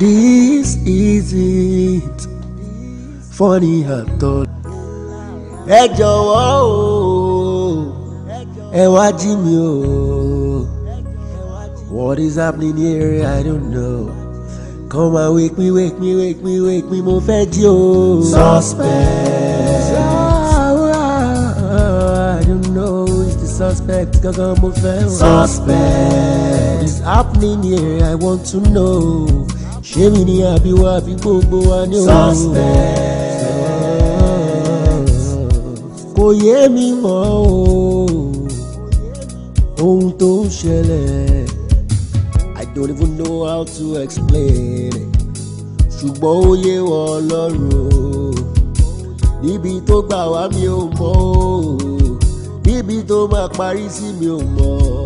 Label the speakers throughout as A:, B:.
A: This is it funny at all. Ẹ jọ̀wọ́ o, ẹ wá jí mi o. What is happening here? I don't know. Come and wake me, wake me, wake me, wake me, mo fẹ́ jí o. Suspect. I don't know who's the suspect gangan Suspect. What is happening here? I want to know. ṣé mi ni àbí àbí gbogbo wa ní òun. kò yé mi mọ́ ohun tó ń ṣẹlẹ̀ I don't even know how to explain it ṣùgbọ́n ó yé wọn lọ́rùn níbi tó gbà wá mi ò mọ̀ o níbi tó máa parí sí mi ò mọ̀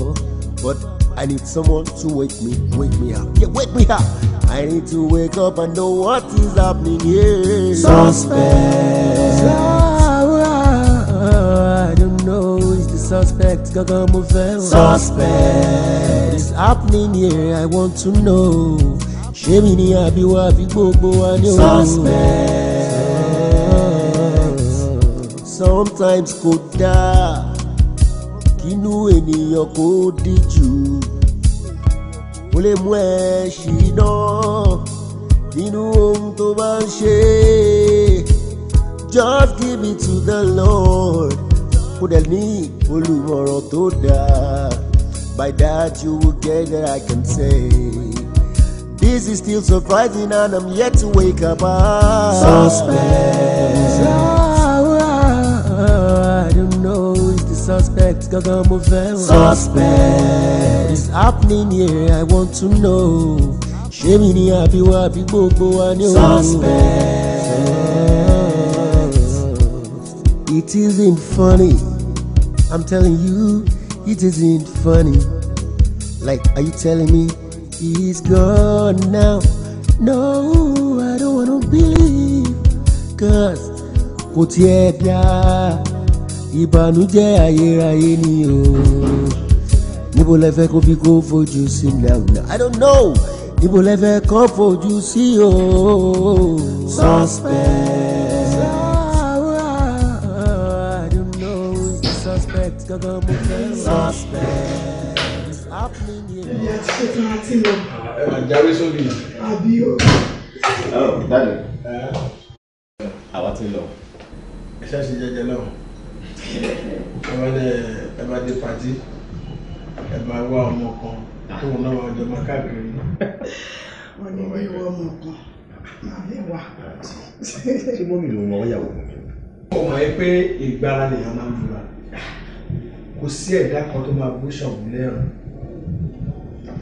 A: but I need someone to wake me, wake me up. Yeah, wake me up. I need to wake up and know what is happening here. Suspect. I don't know. Is the suspect gonna move Suspect. It's happening here. I want to know. abi wa fi gbogbo wa ni o. Suspect. Sometimes kò dáa kínú ènìyàn kò díjú. ó lè mú ẹ ṣìnà nínú ohun tó bá ń ṣe just give it to the Lord kó dẹ̀ ní olùmọ̀ràn tó dáa by that you will get that I can say. This is still surprising and I'm yet to wake up. Ah. Suspense. Suspense. suspect gangan mo fẹ́ wá. suspect is happening here I want to know. ṣé mi ni àbíwá àbí gbogbo wa ni o. suspect. it isn't funny I'm telling you it isn't funny like are you telling me he's gone now no I don't wanna believe cause kò tiẹ̀ dáa ìbànújẹ́ ayérayé ni o níbo lẹ fẹ́ kó fi kó fojú sí now now i don't know níbo lẹ fẹ́ kó fojú sí o. suspect. i don't know suspect gangan mo fẹ́. suspect. ìyá ti ṣe tán àti lọ. ẹ
B: sóbì. àbí o. Oh, dáàbì àwa ti lọ. ẹ ṣe jẹ́jẹ́ náà ẹ máa dé pàtí ẹ máa wá ọmọ kan tóun náà wà jọmọ káàkiri.
C: wọn ní bí ìwọ ọmọ kan àlẹ wà.
B: ṣé mọ́mí ló ń lọ yàwó mi. ọmọ yẹn pé ìgbára lèèyàn máa ń múra kò sí ẹ̀dá kan tó máa bú ṣọ̀bù lẹ́rùn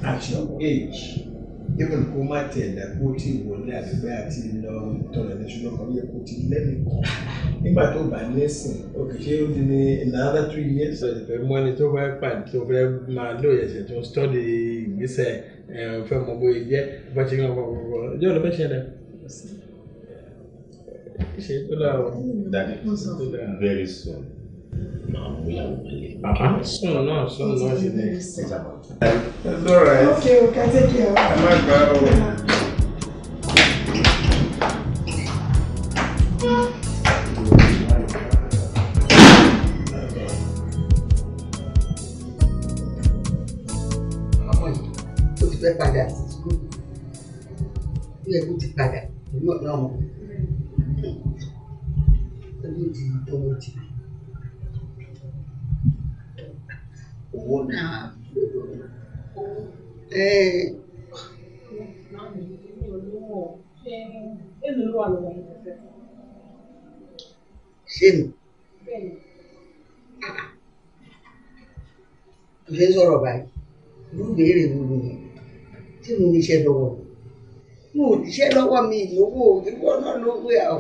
B: at your age even kó má tẹ̀ ẹ̀dá kó tí ì wọlé àdúgbò àti lọ tọrọ ní ṣùgbọ́n kan yẹ kó ti lẹ́nu kan nígbà tó bá lẹ́sìn òkè ṣé ó di ní another three years. ṣe ìfẹ́ mú ẹni tó fẹ́ pàdé tó fẹ́ máa lóye ṣe tó ń stọ́dì ìgbésẹ̀ fẹ́ mọ bóyá jẹ́ bá ṣe ń wọ́n wọ́n wọ́n yóò lọ fẹ́ ṣẹlẹ̀. ṣe tó dáa o. that very soon máa mú ìyàwó wọlé. sùn náà sùn náà ṣe lè ṣe jábọ. ẹ lọ́ra ẹ. ok ok ẹ tẹ́kì ẹ. ẹ má gbà ọ.
D: padà sí sukùl ilé ìwé ti padà ìlú ọ̀nà ọmọ. una eh, ṣé mi kò ṣe sọ̀rọ̀ báyìí irú ìbéèrè mi nìyẹn tí mo níṣẹ́ lọ́wọ́ mi mo níṣẹ́ lọ́wọ́ mi ìyówó ìwọ náà ló gbé ọ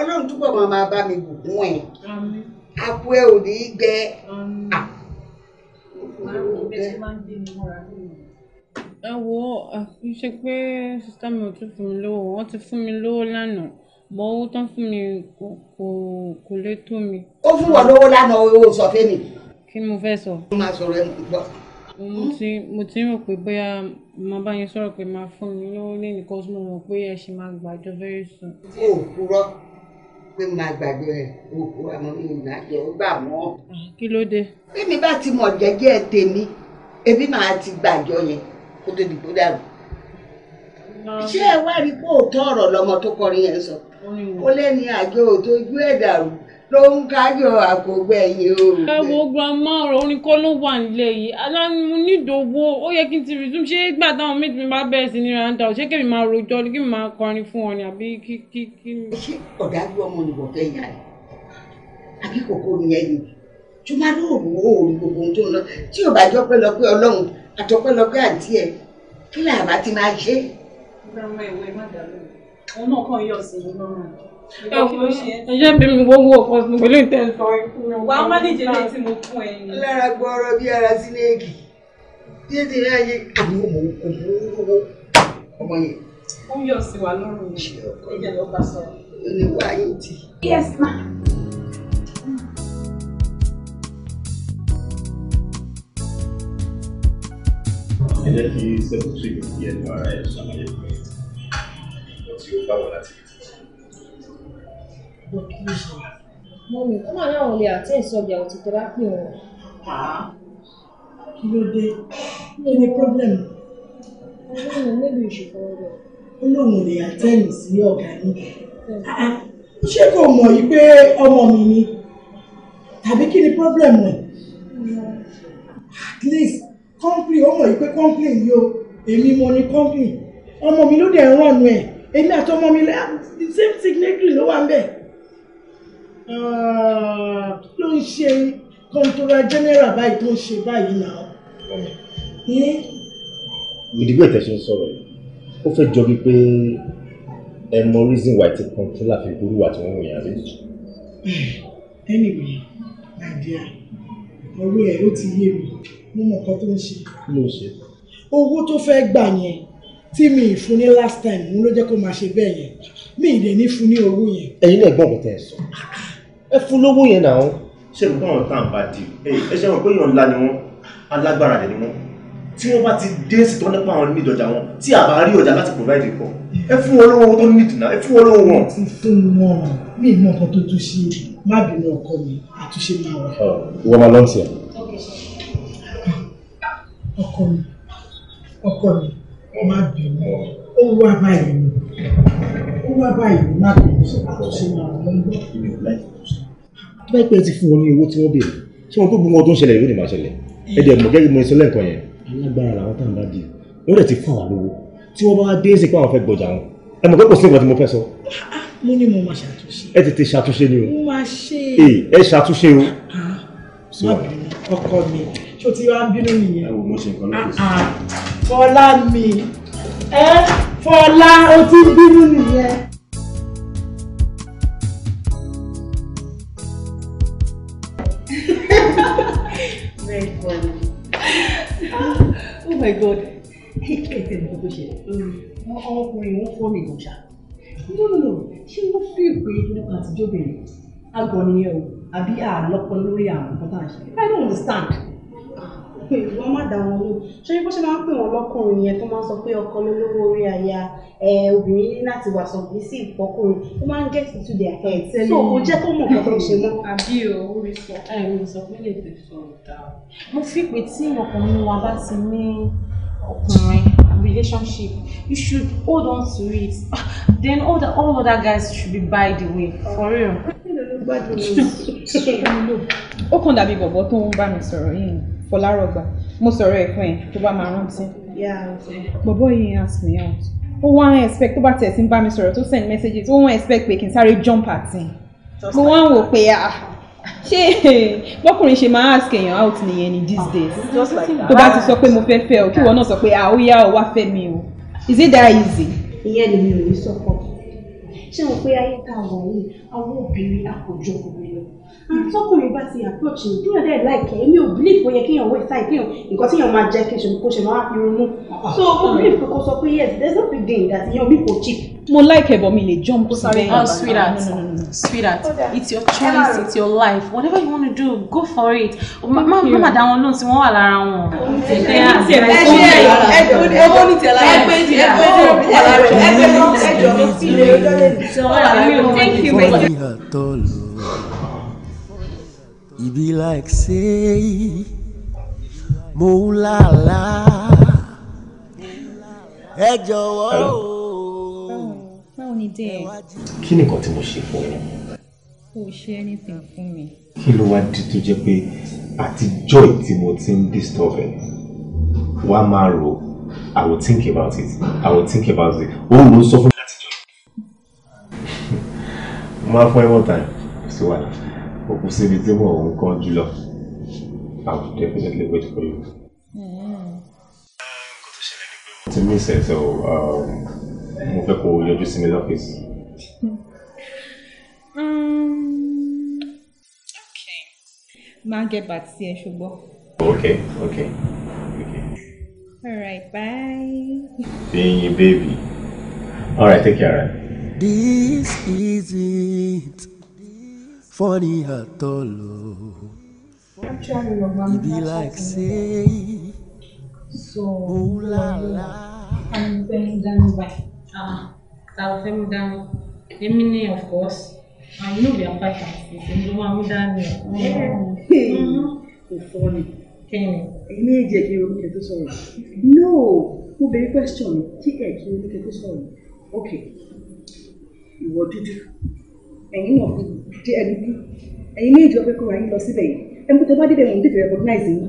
D: ọlọ́run túbọ̀ máa bá mi bùkún ẹ̀ àpò ẹ ò ní í gbẹ ẹ wo àfiṣe pé sista mi ò tún fún mi lówó wọn ti fún mi lówó lánàá mọ owó tán fún mi kò kò kò lè tó mi. ó fún wọn lówó lánàá owó sọ fún mi. kí ni mo fẹ́ sọ. mo máa sọ̀rọ̀ ẹ̀ gbọ́. mo ti mo ti rò pé bóyá màá bá yín sọ̀rọ̀ pé màá fún mi lówó lẹ́yìn kọ́sùmọ̀ mọ̀ pé ẹ ṣì máa gbàjọ very soon. o oh, kúrọ́ pé máa gbàgbé rẹ̀ òkú àwọn ìrìnàjò gbà wọ́n. kí ló dé. èmi bá ti mọ̀ jẹ́jẹ́ tèmi èmi máa ti gbàjọ yẹn kó tó dìbò dàrú. ṣé ẹ wá rí pé òótọ́ ọ̀rọ̀ lọmọ tó kọrin yẹn sọ ó lẹ́ni àjọ òótọ́ ojú ẹ̀ dàrú ló ń kájọ àkọ́gbẹ̀yìn o. ẹ wo grandma ọ̀rọ̀ orin kọ́ ló wà nílẹ̀ yìí aláàánú mo nílò owó ó yẹ kí n ti resume ṣé gbà táwọn méjì mi bá bẹ̀rẹ̀ sí ní randa ṣé kí mi máa rojọ́ kí mi máa kọrin fún ọ ni àbí kí kí kí. ṣé ọ̀dájú ọmọ ni bọ̀kẹ́ ìyá rẹ̀ àbí kòkó ni ẹ yìí tó máa ní òòrùn òòrùn gbogbo ohun tó ń lọ tí ò bá jọ pé lọ pé ọlọ́run àtọ́pẹ́ lọ pé àǹtí ẹ kí làbá ti máa ṣe. gbàgbọ́ ẹjẹ bí mi wọ́n wọ̀ fún mi pẹ̀lú ìtẹ̀sọ̀ ìfúnmi. wàá má níjẹ lè tí mo fún ẹ ni. lára gbọ́rọ̀ bí ara sí léèkì bí ètò ìyá yìí àwọn ọmọ òkú burúkú ọmọ yẹn. ó ń yọ sí wa lọ́rùn ẹ̀jẹ̀ ló bá sọ̀rọ̀. ó ní wáyé tì. yes ma.
B: ẹ jẹ́ kí sẹ́kùtì yẹn ní ara ẹ̀ ṣàlàyé pé ọtí ó bá wà láti rí
D: but please mọ́mí kó máa láwọn lè àtẹ́ ìsọ̀bì àwọn ti tẹ́ bá pè wọ́n. kí ló dé kí ni problem. ọlọ́run mẹ́bí ìṣòfò rẹ̀. olóhùn lè àtẹ́yìn sí ọ̀gá yìí. ṣé kò mọ̀ yìí pé ọmọ mi ni tàbí kí ni problem rẹ̀. at least complain oh, ọmọ yìí pé complain yìí o èmi e mo ni complain ọmọ mi ló dẹ̀ ń rànú ẹ̀ èmi àti ọmọ mi the oh, same signature ló wà ń bẹ̀
B: kí ah, ló ń ṣe kọ́ńtòrà
D: general báyìí tó ń ṣe báyìí náà.
C: ìdìbò ìtẹ̀sán sọ̀rọ̀ yìí ó fẹ́ jọ bíi pé ẹ mọ reason why ti kọ́ńtòrà
B: fi burú wà tí wọ́n wòyàn rí.
D: anyway my dear
C: ọ̀rọ̀ ẹ̀ ó ti yé mi mo mọ̀ nǹkan tó ń ṣe. kí ló ń ṣe. owó tó fẹ́ gbà
D: yẹn tí mi ì fún ní last time òun ló jẹ́ kó máa ṣe bẹ́ẹ̀ yẹn mi ì dẹ̀ ní fún ní owó yẹn.
C: ẹ̀yin náà gbọ́n kò ẹ̀ sọ. Ah, ah
D: ẹ fún lówó yẹn
C: náà. ṣé kí wọn tàn bá di ẹ ṣe wọn pé èèyàn ńlá ni wọn alágbára rẹ ni wọn tí wọn bá ti dé sí tó nípa àwọn nídìí ọjà wọn tí a bá rí ọjà láti provide for
D: ẹ fún wọn lówó tó nídìí náà ẹ fún wọn lówó wọn. ti fún wọn mà mí mọ nǹkan tó tún ṣe má bínú ọkọ mi àtúnṣe máa wà. ìwọ máa lọ sí ẹ. ọkọ mi ọkọ mi má bínú ó wá báyìí ó wá báyìí má bínú àtúnṣe
B: máa wà lọ́wọ́
C: tó bá pẹ́ ti fún wọn ní owó tí wọ́n béèrè ṣé wọn tó gbogbo ọdún ṣẹlẹ̀ yóò ní máa ṣẹlẹ̀ ẹ̀dẹ̀ mọ̀ gẹ́gẹ́ mo ìṣẹ̀lẹ̀ nǹkan yẹn alágbára làwọn tá à ń bá di wọ́n dẹ̀ ti fún àwọn lówó tí wọ́n bá dé sí pé àwọn fẹ́ gbọjà wọn ẹ mọ̀ pé kò sí nǹkan tí mo fẹ́ sọ.
D: mo ní mo máa ṣàtúnṣe.
C: ẹ tètè ṣàtúnṣe ni o. mo máa ṣe. ẹ ṣàtúnṣe o. Ah, ọkọ mi
B: ṣó ti wá ń bínú nìyẹn. ẹ wò mo ṣe nǹkan lókè. Ah, ah. fọlá mi
D: ẹ Oh my god ẹ̀kẹ́tẹ̀ nǹkan tó ṣe ọkùnrin wọn fọ́ mi ìgbọ̀nsá no no no ṣé wọ́n fi ìpè nípa àtijọ́ bẹ̀rẹ̀ àgọ́ nìyẹn o àbí àlọ́pọ̀ lórí àwọn nǹkan tá à ń ṣe I don't understand wọ́n má dà wọ́n lò ṣé bó ṣe máa ń pè wọ́n lọ́kùnrin yẹn tó máa ń sọ pé ọkọ lólówó orí aya obìnrin ní láti wà sọ̀bí sí ìfọkùnrin ó máa ń get into their head so kò jẹ́ kó mọ̀ kó tó ṣe mọ́. àbí o orí sọ ẹ̀rù sọ pé lè fi sọ ọ̀dà mo fi pé tí ọkùnrin wa bá ti ní ọkùnrin relationship you should hold on to it then all the all other guys should be by the way for real. ó kàn dàbí bọ̀bọ̀ tó ń bá mi sọ̀rọ̀ yìí. Fọlárọ̀gbà mo sọ̀rọ̀ ẹ̀kọ́ yẹn tó bá máa rántí. bọ̀bọ̀ yìí ask me out ó wá ń expect tó bá tẹ̀ sí ń bá mi sọ̀rọ̀ tó send messages ó wọ́n expect pé kí n sáré jump at him mo wá ń wò pé ah ṣé bọ́kùnrin ṣe máa ask èèyàn out nìyẹn ni these days tó bá ti sọ pé mo fẹ́ fẹ́ o kí ìwọ náà sọ pé ah ó yá o wá fẹ́ mi o is it that easy. ìyẹn ni mi ò ní sọ fún ọ ṣé mo pé ayé tá a wà yìí àwọn obìnrin àkójọ obìnrin lọ tọkùnrin bá ti approach mi kí ọ̀dẹ́ láìkẹ́ èmi ò believe pé ó yẹ kí èèyàn wẹ̀ sáì kí nǹkan tí èèyàn máa jẹ́ kí ṣe kó ṣe máa fi ronú so mo believe pé kó sọ pé yes there's no big deal that èèyàn mi kò cheap. mo like ẹ̀bọ̀ mi lè jump sí bẹ́ẹ̀ oh sweetheart no, no, no, no. sweetheart it's your choice it's your life whatever you wanna do go for it Ma, ma, ma, wọn lóhùn tí wọ́n wà lára wọn. ẹ ṣe ẹ owó ní tẹ̀lá ẹ pé ẹ pé ẹ pé ẹ jọ mi sí ilé ọjọ́ lẹ́nu. thank
A: you. E be like say, mo la la, ẹ jọ̀wọ́ o. Báwo ni dé? Kí ni nǹkan tí mo ṣe fún ẹ? Kò ṣe anything fún
C: mi. Kí ló wá di tó jẹ́ pé joy tí mo ti ń disturb ẹ? Wàá máa rò I will think about it. I will think about it. Ó ń lo sọ fún mi látijọ́. Mo máa fún ẹ one time. Ṣé wàá náà? kò síbi tí mò ń kán jùlọ I will definitely wait for you. kó tó ṣẹlẹ̀ ni pé mo ti mí ìṣẹ̀ṣẹ̀ o mo fẹ́ kó yọjú sí mi lọ́fíìsì. Mm,
D: okay. máa gẹ̀ bàtí ẹ ṣùgbọ́n. Okay, okay.
A: All right, bye. Being your baby.
B: All right, take care.
A: This is it funny at all o.
D: e be like say so." oh la la. I'm going down, Ah, Fẹ́mi dání down. ni of course àwọn inú mi apáta èmi ló máa mú dání ọ. Kò so funny. Kẹ́ni. Ní èjì ẹ̀jẹ̀ omi kẹ́ tó sọ̀rọ̀. No, mo bẹ̀rẹ̀ question kí ẹ̀jẹ̀ omi kẹ́ tó sọ̀rọ̀. Okay, What ìwọ dúdú ẹ̀yin náà fi di ẹni bí ẹ̀yin méjì ọ̀fẹ́ kóra yín lọ síbẹ̀ yìí ẹ̀mú tẹ bá dé bẹ̀rù tètè recognize yín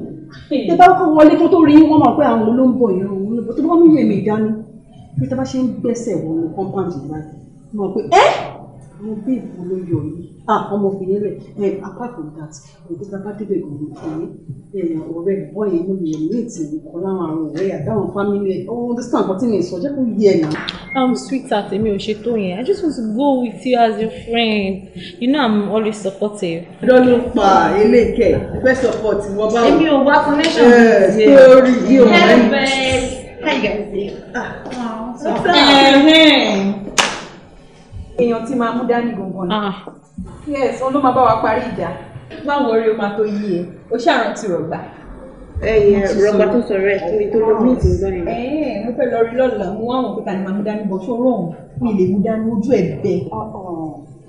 D: tẹ bá kọ́ wọlé kó tó rí yín wọ́n máa pẹ́ àwọn olóńgbò yẹn òun ló bọ́ tó bá mú èmi ìdáná bí tá bá ṣe ń gbẹ́sẹ̀ wọnú compound yìí wọ́n pé ẹ́ àwọn bíi ìfowóyọ̀ yìí ah ọmọ fi yẹn lẹ ẹ apart from that òkúta bá gbòòrò pé ẹ ọ̀rẹ́ ẹ̀kọ́ mo lè ní ìtìlú kan láwọn àwọn ọ̀rẹ́ àtàwọn family ẹ ọ̀hún oh, understand nǹkan tí mi sọ jẹ́ kó yé ẹ nà. i'm sweetheart èmi ò ṣe tó yẹn i just want to go with you as your friend you know i'm always supportive. ọdọ ló pa eléke fẹ́ support ìwọ bá wọn. èmi ò wá connection with you. story yìí ò mẹ́rin. hi guys dey. ah what's up. èèyàn tí máa mú dání gbọ̀ngàn yes òun ló máa bá wa parí ìjà báwo rí o máa tó yí e o ṣàrántí rọgbà.
A: ẹyẹ rọgbà tó sọ̀rọ̀
D: ẹ torí tó lọ mí ìtì ìgbà yẹn. ẹ mo fẹ́ lọ rí lọ́la mo wá àwọn òkúta ni màá mú dání bọ̀ ṣọ́rọ̀ ọ̀hún mi lè mú dání ojú ẹ̀ bẹ́ẹ̀. Uh-uh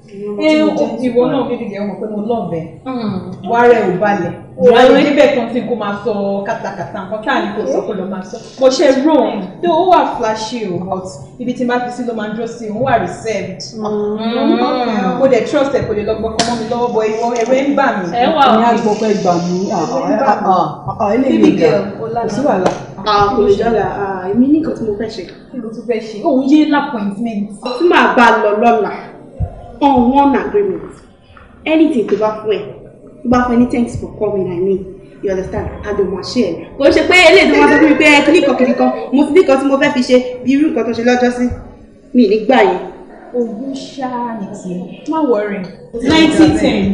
D: ìwọ náà bíbí gẹ̀ mọ̀ pé mo lọ́ọ̀bẹ̀ hmm. wá rẹ̀ ò balẹ̀ wà á débẹ̀ kan tí kò máa sọ kátàkátà nǹkan tá à ní kò sọ kó lọ máa sọ mo ṣe rome tó ó wà flashy o but ibi tí n bá fi sí ló máa ń dúró sí òun wà reserved hmm. mo dẹ̀ trust ẹ̀ kò lè lọ gbọ́ ọmọ mi lọ́wọ́ bọ ìwọ ẹ̀rọ ń bà mí. ẹ wà ó ní àgbọ̀ pé gbà mí eléyìí ìgbà kò sí wàhálà kò ah, lè dára ah, èmi ní nǹkan tí mo fẹ́ ṣe. kí ló tún fẹ́ ṣe òun yé lápọ̀ìntmẹ́ǹtì. tí màá bá a lọ lọ́la on oh, one agreement anything to bá fún ẹ tó bá fún ẹ ní thanks for coming i mean you understand and ma ṣe ẹ kò ṣe pé eléyìí tó wá sọ fún mi pé ẹ kíní kan kiri kan mo fi nìkan tí mo fẹ́ fi ṣe bí irú nǹkan tó ṣe lọ́jọ́ sí mi nígbà yẹn. ogún ṣáá ní ti má wọrin. Eh? ninety ten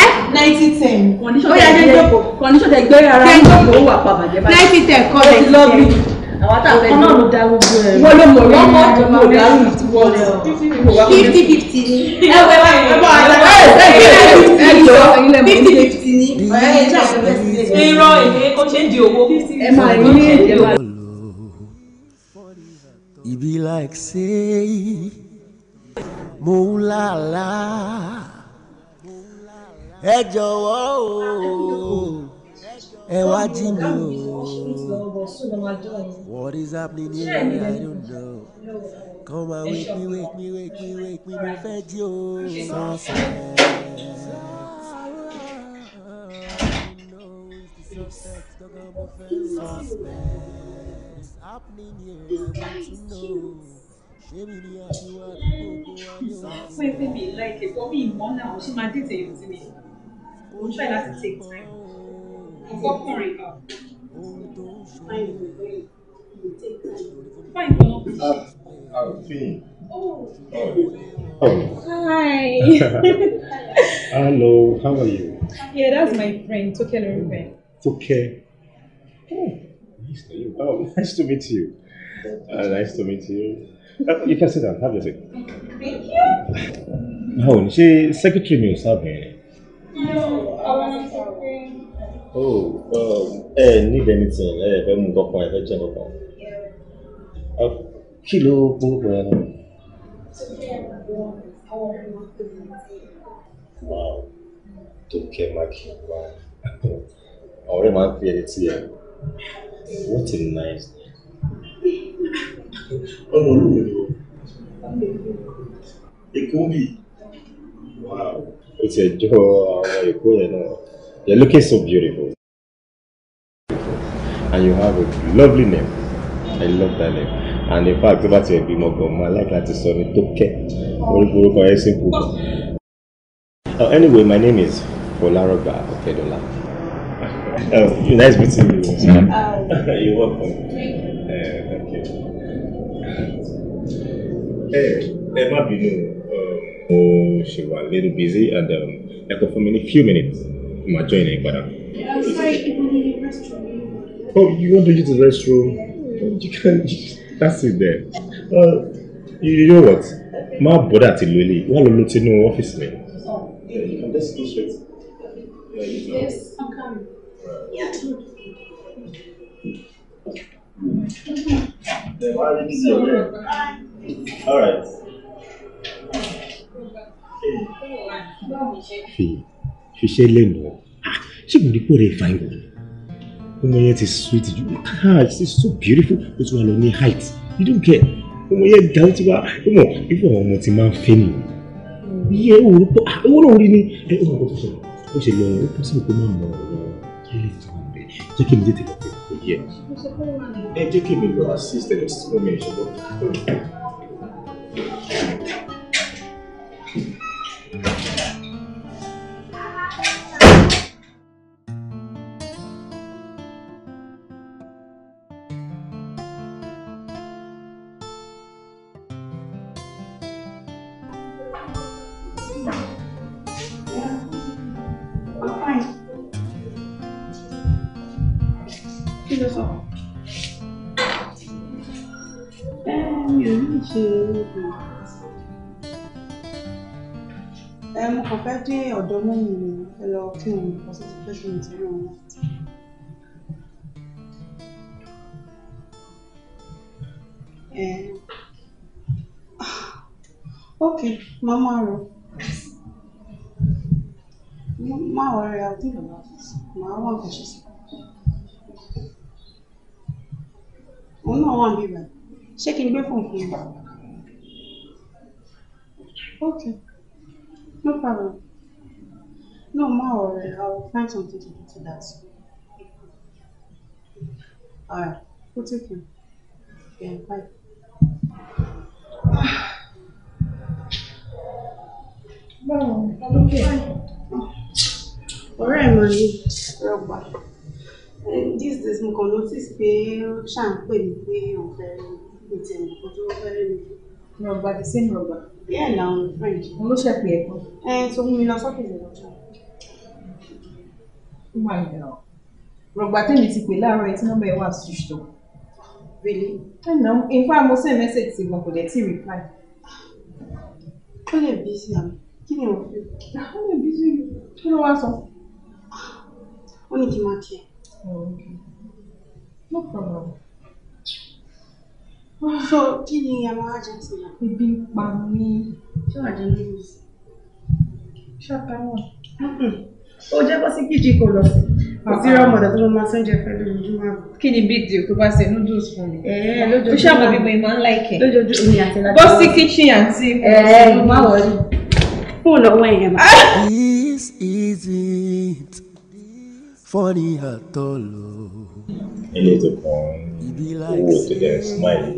D: ẹ ninety ten condition tẹ gbé ara mi kò wà pa báyìí ninety ten kọ́ ninety ten àwọn tá a fẹ́ lò wọ́n ló mọ̀ wọ́n mọ̀ mọ̀ dárú wọ́n fifty fifty ni ẹ wẹ́ báyìí ẹ ẹ jọ fifty fifty ni ọ̀rẹ́ yẹn tí a fẹ́ sí i rọ èdè ó ṣe ń di owó ẹ máa rí ní èdè wa.
A: e be like say mo ń lálàá ẹ jọ̀wọ́ o ẹ wá jí mi o. What is happening here? I don't know. Come and wake me, wake me, wake me, wake me, mo fẹ́ jí o. Sunset. Suspense happening here, I want to know.
D: Fún ẹgbẹ́ mi láìpẹ́, fún mi ìmọ̀ náà, ó ṣì máa dé tèmi mi. Mo ń try láti take time. Ah, ah,
C: oh. Oh.
D: Hi.
C: Hello, how are you?
D: Yeah, that's my friend, Toke Lorube.
C: Toke. Oh, nice to you. Oh, nice to meet you. Uh, nice to meet you. Uh, you can sit down, have your seat.
D: Thank you.
C: No, she secretary mi ò sábẹ̀.
D: No, I want to
B: ẹ oh, um, eh, need anything eh, ẹ fẹ́ mú kankan ẹ fẹ́ jẹ kankan uh, kí ló gbogbo ẹ náà. wow tó kẹ maki wa ọ̀rẹ́ máa ń fi ẹni tí ẹ what a nice name Oh, olúwo ni o èkó bíi
C: wow ó ti ẹ̀ jọ àwọn èkó yẹn You're looking so beautiful. And you have a lovely name. I
B: love that name. And in fact, tó bá tiẹ̀ bímọ gan, mo like that. sọ ní Tókẹ́. Orúkọ orúkọ ẹ sì Anyway, my name is Folaroba Okedola.
C: Oh, nice meeting you.
B: Mm. You're welcome. Uh, thank you.
A: Hey, eh, eh, ẹ má bínú.
C: Oh, she was a little busy and um, ẹ kò fún mi ní few minutes. Am I joining, madam?
D: I'm sorry, if we need a restroom.
C: Oh, you want to use the restroom? You can. That's it there. Uh, you, you know what? Má bọ́dà ti lo ilé, wọ́n lọ lọ ti inú ọ́fíìsì mi. You can just go straight. Yes, I'm coming. Yeah. All right. Fee ṣiṣẹ́ lẹ́nu ọ ah, ṣé mo rí pé fine wọ̀ ni ọmọ she's ah, so beautiful ó ti wà lọ ní you don't care ọmọ yẹn ga ó ti wà ọmọ ìfọ̀ ọmọ ti máa ń fẹ́ mi yẹ òru pọ̀ ah, owó náà rí ni ẹ ọmọ kò tó sọ̀rọ̀ ó ṣe lọ ó pọ́sibú assist ẹ̀
D: ẹ mo kàn fẹ́ dé ọ̀dọ̀ mẹ́yìn mi ẹ lọ kí n kọ́ sí ti fẹ́ṣọ̀ nítorí òun náà. ok máa máa rọ máa wọrẹ àwọn tí ìjọba máa wà nǹkan ṣe sí. òun náà wà níbẹ̀ ṣé kí n gbé fòǹfòǹ bàbá. Okay. No problem. No, ma worry. I will find something to do to that. Alright. we'll take care. Yeah, bye. Báwo ni? Ọlọ́kẹ́. Ọ̀rẹ́ ẹ̀ máa ní rọ̀gbà. These days mo kàn notice pé ṣáà ń pè mí pé òun fẹ́ rí mi tẹ̀lé kó tó fẹ́ rí mi. Rọ̀gbà the same rọ̀gbà. Bẹ́ẹ̀ làwọn friend. Mo ló ṣẹ̀pẹ̀ ẹ̀kọ́. Ẹ tó mú mi lọ sọ́kìlì lọ́jọ́. Ó wà ní ẹ̀rọ. Rọ̀gbà tèmi ti pè láàárọ̀ ẹ̀ tí nọ́mbà ẹ̀ wà switched off. Really? Ẹ nà ó. In fact, mo send message sí wọn kò dẹ̀ tí reply. Ó lè bí sí àná. Kí ni o fi? Ó lè bí sí. Kí ló wá sọ? Ó ní kí n máa oh, kí ẹ. No problem so kí ni àwọn agency náà. ibi ń pa mí. ṣé wàá jẹ́ lórí ìsìn. ṣàtàwọn. ó jẹ́ bọ́ sí kíjì kò lọ sí.
A: kò sí rọ́mọdà
D: tó máa sọ́njẹ pẹ̀lú ojúmọ́. kí ni big deal tó bá ṣe noodles fún mi. Eh, lójoojúmọ́ ó ṣàmọ̀ bíbí mi máa ń láìkẹ́. lójoojúmọ́ ni àti láti. bọ́ sí kitchen àti. Eh, má wọlé.
A: fóònù ọwọ́ ẹ̀yẹ̀ máa. this is it funny at all
B: eléyìí kan owó tó dẹ̀ smile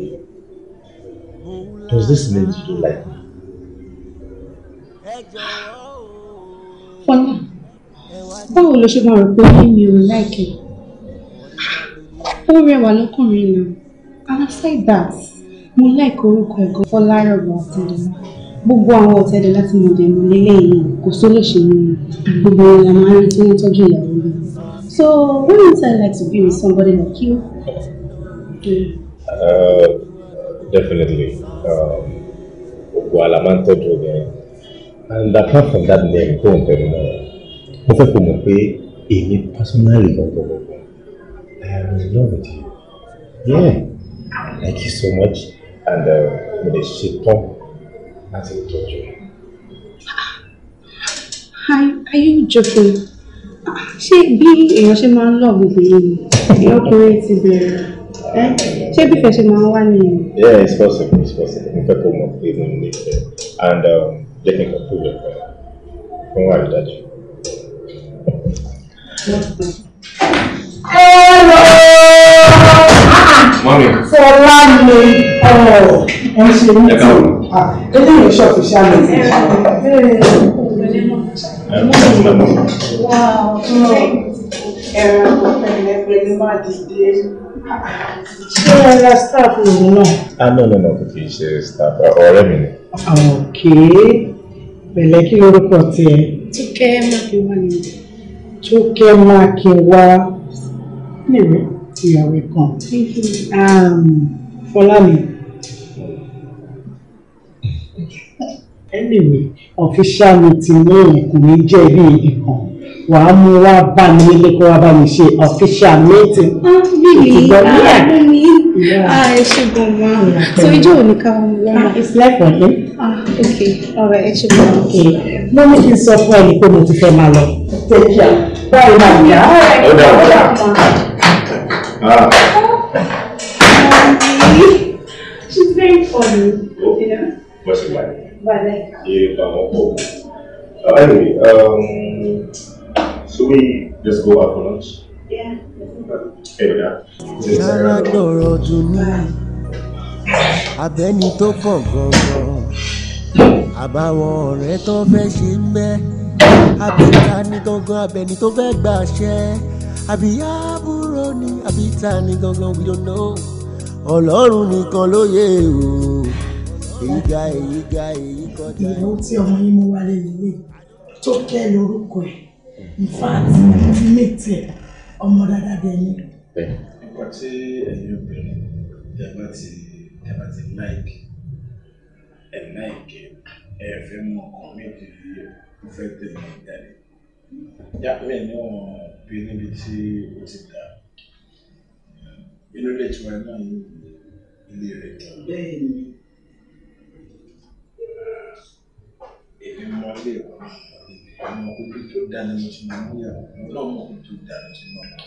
B: does this mean you like me.
D: fọlá báwo ló ṣe máa rò pé mi ò láìkẹ́ ó rẹwà lọ́kùnrin náà and aside that mo láìka orúkọ ẹ̀gọ́ fọlárọ̀bù ọ̀tẹ̀dẹ̀mọ́ gbogbo àwọn ọ̀tẹ̀dẹ̀ láti mọ̀dẹ̀mọ́ lélẹ́yìn kò sólè ṣe ní gbogbo ìlànà àárín tí wọ́n tọ́jú ìyàwó náà. So, what would I like to be with somebody like you?
B: Uh, definitely. Ogwalaman um, Tọ́jú And apart from that name, kò ń tẹ̀lé náà. Mo fẹ́ kó mọ̀ pé èmi personally gbọ̀ngbọ̀ngbọ̀. I am in love with you. Yeah, thank you so much. And uh, mo lè ṣetán láti tọ́jú.
D: Hi, are you joking? ṣé bí èèyàn ṣe máa ń lọ obìnrin ni ọkùnrin ti bẹ̀rẹ̀ ṣé bí ìfẹ́ ṣe máa ń wá ní.
B: yeah it's possible it's possible mo fẹ́ kó mọ̀ pé mo nífẹ̀ẹ́ and um, jẹ́ kí n kàn prove it fún fún wa ìdájọ́.
D: hello mọ́mí. fọlá ni ọ̀rọ̀ ẹ̀ ń ṣe ní ti eléyìí ṣọ́ọ̀fù ṣáà lè fi ṣe ẹranko pẹ̀lẹ́pẹ̀lẹ́ ló máa dìde ṣé
C: ẹ ra staff lòun náà.
B: ah no no no kò kì í ṣe staff ọ̀rẹ́ mi ni.
C: okay
D: pẹ̀lẹ́ kí lórúkọ tiẹ̀. tókẹ́ mákinwá ni. tókẹ́ mákinwá nìwé ìyàwó kan. Um, fọlá mi. anyway official meeting ní èkó ní jẹ́ ibi ìkan wà á mú wá bá mi nílé kó wá bá mi ṣe official meeting. Ah, bíbí àbúmi ah, ah, ẹ ṣe gan ma so ijó ò ní ká wọn wá. it's like one eh. ah ok ọ̀rẹ́ ẹ ṣe gan. ok mo ní kí n sọ fún ẹni pé mo ti fẹ́ máa lọ. take care báyìí máa ń yá. ó dà ó dà. She's very funny, you oh, know. What's your wife? Vale.
C: anyway, um, so we just go out
B: for lunch. Yeah. Okay, yeah.
A: abẹ́ni tó kàn gangan, àbáwọn ọ̀rẹ́ tó fẹ́ ṣe ń bẹ́, abẹ́ta ní gangan abẹ́ni tó fẹ́ gbàṣẹ, àbí àbúrò ni àbí ni gangan we don't know, ọlọ́run nìkan ló yẹ o èyí ga èyí ga èyí kọjá. ìyàwó tí ọmọ
D: yín mú wálé nílé tó kẹ́ lórúkọ ẹ̀ ìfáàtì mẹ́tẹ̀ ọmọ dáadáa bẹ́ẹ̀ ni. nípa tí ẹ̀yin obìnrin ẹ bá ti ẹ bá ti láìkì
B: ẹ láìkì ẹ fẹ́ mọ ọkàn méjì yìí ó fẹ́ tẹ̀lé jáde. yàtọ̀ ẹ̀ ní ọ̀hún bí níbi tí ó ti dà inú ilé ìtura náà ilé rẹ̀ dùn. bẹ́ẹ̀ ni. ìmọ̀lẹ́ ọmọ kókó tó dáná ló ti máa ń yà wọ́n náà mọ̀ kókó tó dáná ló ti máa ń yà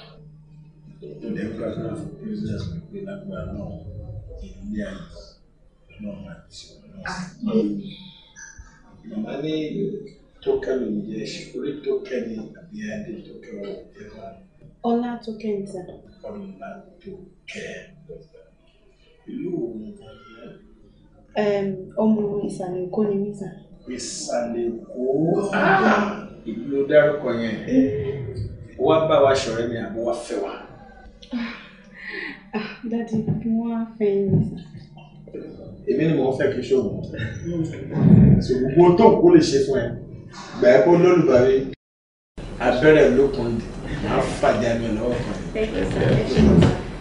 A: tó lè fún àtúnà fún prisoners
B: pé lágbára náà ilé ayé náà máa ti sọ náà. Màmá ní tókẹ́ ló ń jẹ orí tókẹ́ ni àbí adé tókẹ́ ọ̀ jẹ́ fún
D: Ọlá tókẹ́ ń tà. Ọlá tókẹ́ ìlú òun. Ọmọ ìsàlẹ̀ Èkó ni sàn ìsàlẹ̀
B: èkó ìlú ló dárúkọ yẹn ó wá bá wa ṣọ̀rẹ́ mi àbó wá fẹ́ wa.
D: Ah, dadi kí wọ́n á fẹ́ yín
B: èmi ni mò ń fẹ́ kí ṣòwò
A: ṣò
B: gbogbo tó kó lè ṣe fún ẹ gbà ẹ kó lólùbáwí abẹ́rẹ́ lókun máa ń fàjà mi lọ́wọ́ kan.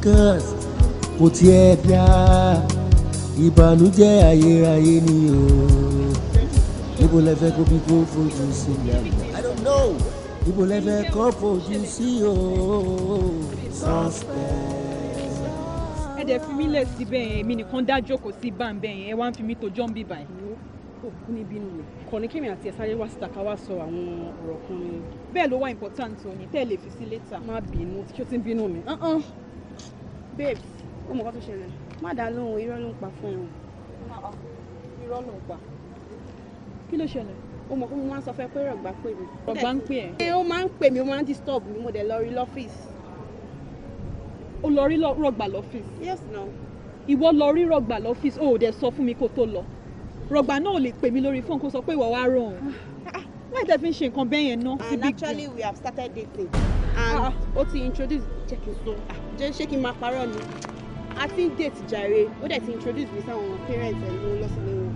A: discuss kò tiẹ̀ dáa ìbànújẹ́ ayérayé ni o níbo lẹ fẹ́ kó bí kó fojú sí i don't know níbo lẹ fẹ́ kó fojú sí o suspect.
D: ẹ fi mí lẹ̀ síbẹ̀ èmi nìkan dá jókòó sí bàǹbẹ̀ yẹn ẹ wá ń fi mí tó jọ́ ń bíbà yìí òkú níbí nù mí kọ̀ọ̀ní kí mi àti ẹ̀ wá síta ká wá sọ àwọn ọ̀rọ̀ kan ni. bẹ́ẹ̀ ló wá important òní tẹ́ ẹ lè fi sí létà. má bínú tí kí o ń bínú mi. Uh-uh babe ó mọ̀ kọ́ tó ṣẹlẹ̀ má dá lóhùn irọ́ ló ń pa fún ẹ̀wọ̀n. Ah, irọ́ ló ń pa kí ló ṣẹlẹ̀ ó mọ̀ kó mo máa ń sọ fẹ́ pé rọ̀gbà pè mí. rọ̀gbà ń pè ẹ́. ó máa ń pè mí ó máa ń disturb mi mo dẹ̀ lọ rí lọ́fíìsì. o lọ rí rọ̀gbà lọ́fíìsì. yes no. ìwọ lọ rí rọ̀gbà lọ́fíìsì o ò dẹ̀ sọ fún mi kó tó lọ rọ̀gbà náà ò lè pè mí lórí fóònù kó sọ pé ìwọ wá rán why that mean ṣe nǹkan bẹ́ẹ̀ yẹn ná. and actually we have started dating ah, and ah, ó ti introduce jẹ́ kí n sọ jẹ́ ṣé kí n máa parọ́ ni a ti ń date jàre ó dẹ̀ ti introduce mi sáwọn parents ẹ̀ ló lọ́sílẹ̀ wọn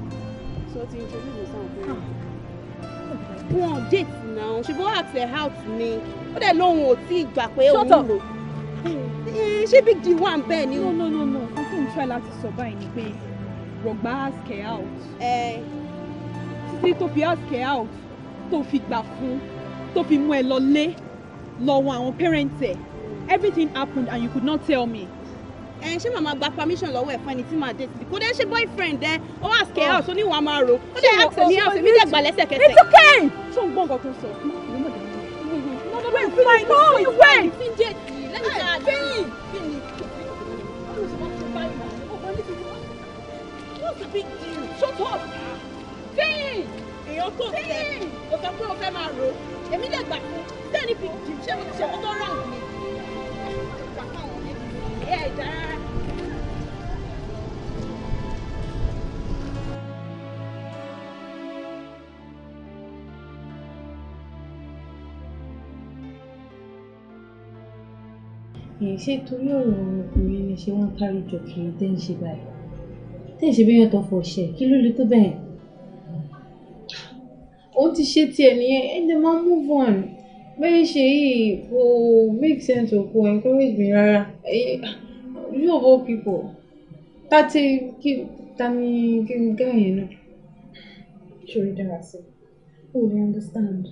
D: so ó ti introduce mi sáwọn parents. Ah. wọn date náà ṣùgbọ́n ask her out ni ó dẹ̀ lóun ò tí ì gbà pé òun lò eh, ṣé big deal wà bẹ́ẹ̀ ni. no no no no n tó ń try láti sọ báyìí ni pé rọgbà ask her out. Eh, títí tó fi ask her out tó fi gbà fún tó fi mú ẹ lọ lé lọ́wọ́ àwọn parents ẹ̀ everything happened and you could not tell me. ẹ ṣé màmá gba permission lọ́wọ́ ẹ̀ fún ẹni tí màá dé sí kó dé ṣe boyfriend ẹ ó wà scare ah. out ó ní ìwà máa ro ó dé ask ẹ ní house èmi dẹ̀ lẹ́sẹ̀kẹsẹ̀. it's okay. ṣé o ń gbọ́ tó ń sọ? wait wait wait wait. let me ah, tell you. What's the big deal? Shut up! Finish! èèyàn tó tẹ o sọ pé o fẹ́ máa rò èmi lè gbà fún bẹ́ẹ̀ ni bìkì ṣé mo ti ṣe kó tó rà wọ́n mi. ṣe torí ọ̀rọ̀ ọkùnrin ni ṣé wọ́n kárí jọ kiri tẹ́ ń ṣe báyìí tẹ́ ń ṣe bí yàn tó fọ ṣe kí ló lè tó bẹ́ẹ̀ ti ṣe tiẹ̀ nìyẹn ẹ dẹ̀ máa move on bẹ́ẹ̀ ṣe yìí kò make sense o kò encourage mi rárá you of all people tati kí tani kí n gá yẹn náà. ṣòro dára sí i o lè understand.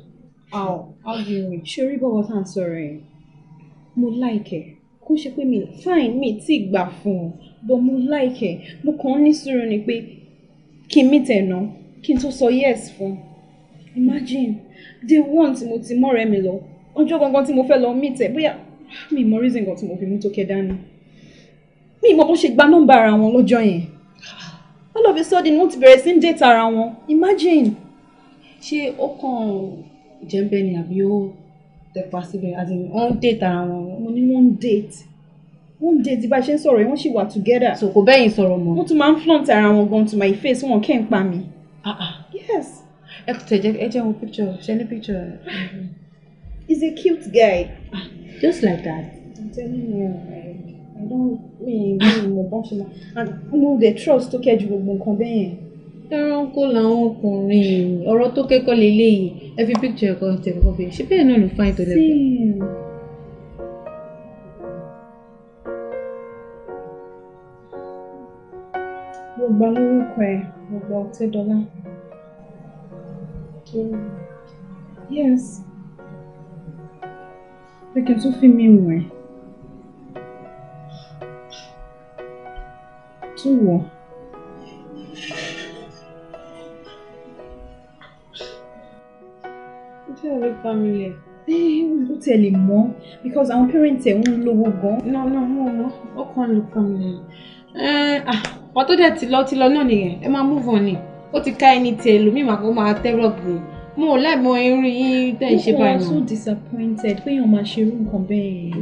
D: how how do you mean. ṣòro bọ̀wọ̀ tá à ń sọ̀rọ̀ yẹn mo láìkẹ́ kó ṣe pé mi fine mi ti gbà fún un but mo láìkẹ́ mo kàn ń ní sùúrù ni pé kí n mí náà kí n tó sọ yes fún un imagine day one tí mo ti mọ́rẹ̀ẹ́ mi lọ ọjọ́ gangan tí mo fẹ́ lọ meet ẹ̀ bóyá mi mọ reason kan tí mo fi mú tókẹ́ dání mi mọ bó ṣe gba nọ́mbà ara wọn lọ́jọ́ yẹn all of a sudden wọ́n ti bẹ̀rẹ̀ sí ń date ara wọn imagine ṣé ó kàn jẹ́ńbẹ́ ni àbí ó tẹ̀pa síbẹ̀ àti wọ́n ń date ara wọn mo ní wọ́n ń date wọ́n ń date bá a ṣe ń sọ̀rọ̀ yẹn wọ́n sì wà together. so kò bẹ́yìn sọ̀rọ̀ mọ́. wọ́n tún máa ń flaunt ara wọn gan to my face wọn kẹ́ ń pa mi. ah ah yes ẹ tẹ̀ jẹ́ ẹ jẹ́ wọn picture ṣe ní picture. he's a cute guy. just like that. i'm telling you i don't mean mean mo bá and mo dey trust to catch you. gbogbo nǹkan bẹ́ẹ̀ yẹn. ẹranko làwọn ọkùnrin ọ̀rọ̀ tó kẹ́kọ̀ọ́ lélẹ́yìí ẹ fi picture ẹ̀kọ́ tẹ̀ kọ́ fi ṣé bẹ́ẹ̀ náà ló fáyín tó lẹ́kọ̀ọ́. gbogbo lórúkọ ẹ gbogbo ọtí dọlà Yes. Pé kí n tún fi mi wọ̀n ẹ́. Tún wọ̀. Ṣé o lè family ẹ̀? Ó tiẹ̀ lè mọ́ because àwọn parents ẹ̀ ń lówó gan. No no mo mọ ọkàn lè family ẹ̀. Wọ́n tó dẹ̀ ti lọ ti lọ náà nìyẹn ẹ máa move on ni ó ti ká ẹni tẹ ẹlòmíì máa kó máa tẹ́rọ̀ gbìn mo ò láì mọ yín tẹ́ ẹ ṣe báyìí. mo kàn so disappointed pé èèyàn máa ṣe irú nǹkan bẹ́ẹ̀ yẹn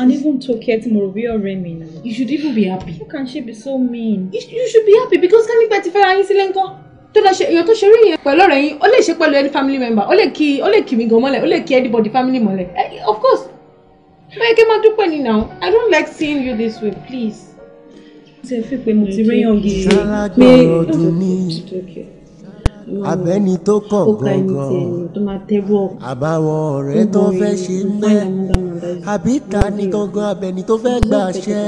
D: and even Tókẹ́ tí mo rò bí ọ̀rẹ́ mi ni. you should even be happy. how can she be so mean. you, should be happy because kẹ́mi pẹ́ ti fẹ́ra yín sílé ńkọ́ tó lọ ṣe èèyàn tó ṣe rí yẹn pẹ̀lú ọ̀rẹ́ yín ó lè ṣe pẹ̀lú any family member ó lè kí ó lè kí mi gan mọ́lẹ̀ ó lè kí anybody family mọ́lẹ̀ eh, of course ó yẹ kí n máa dúpẹ́ now. i don't like seeing you this way please ti fi pé mo ti réyàn gidi
A: tó kàn gangan àbáwọn ọ̀rẹ́ tó fẹ́ ṣe ń bẹ́ ni gangan abẹ́ni tó fẹ́ gbàṣẹ́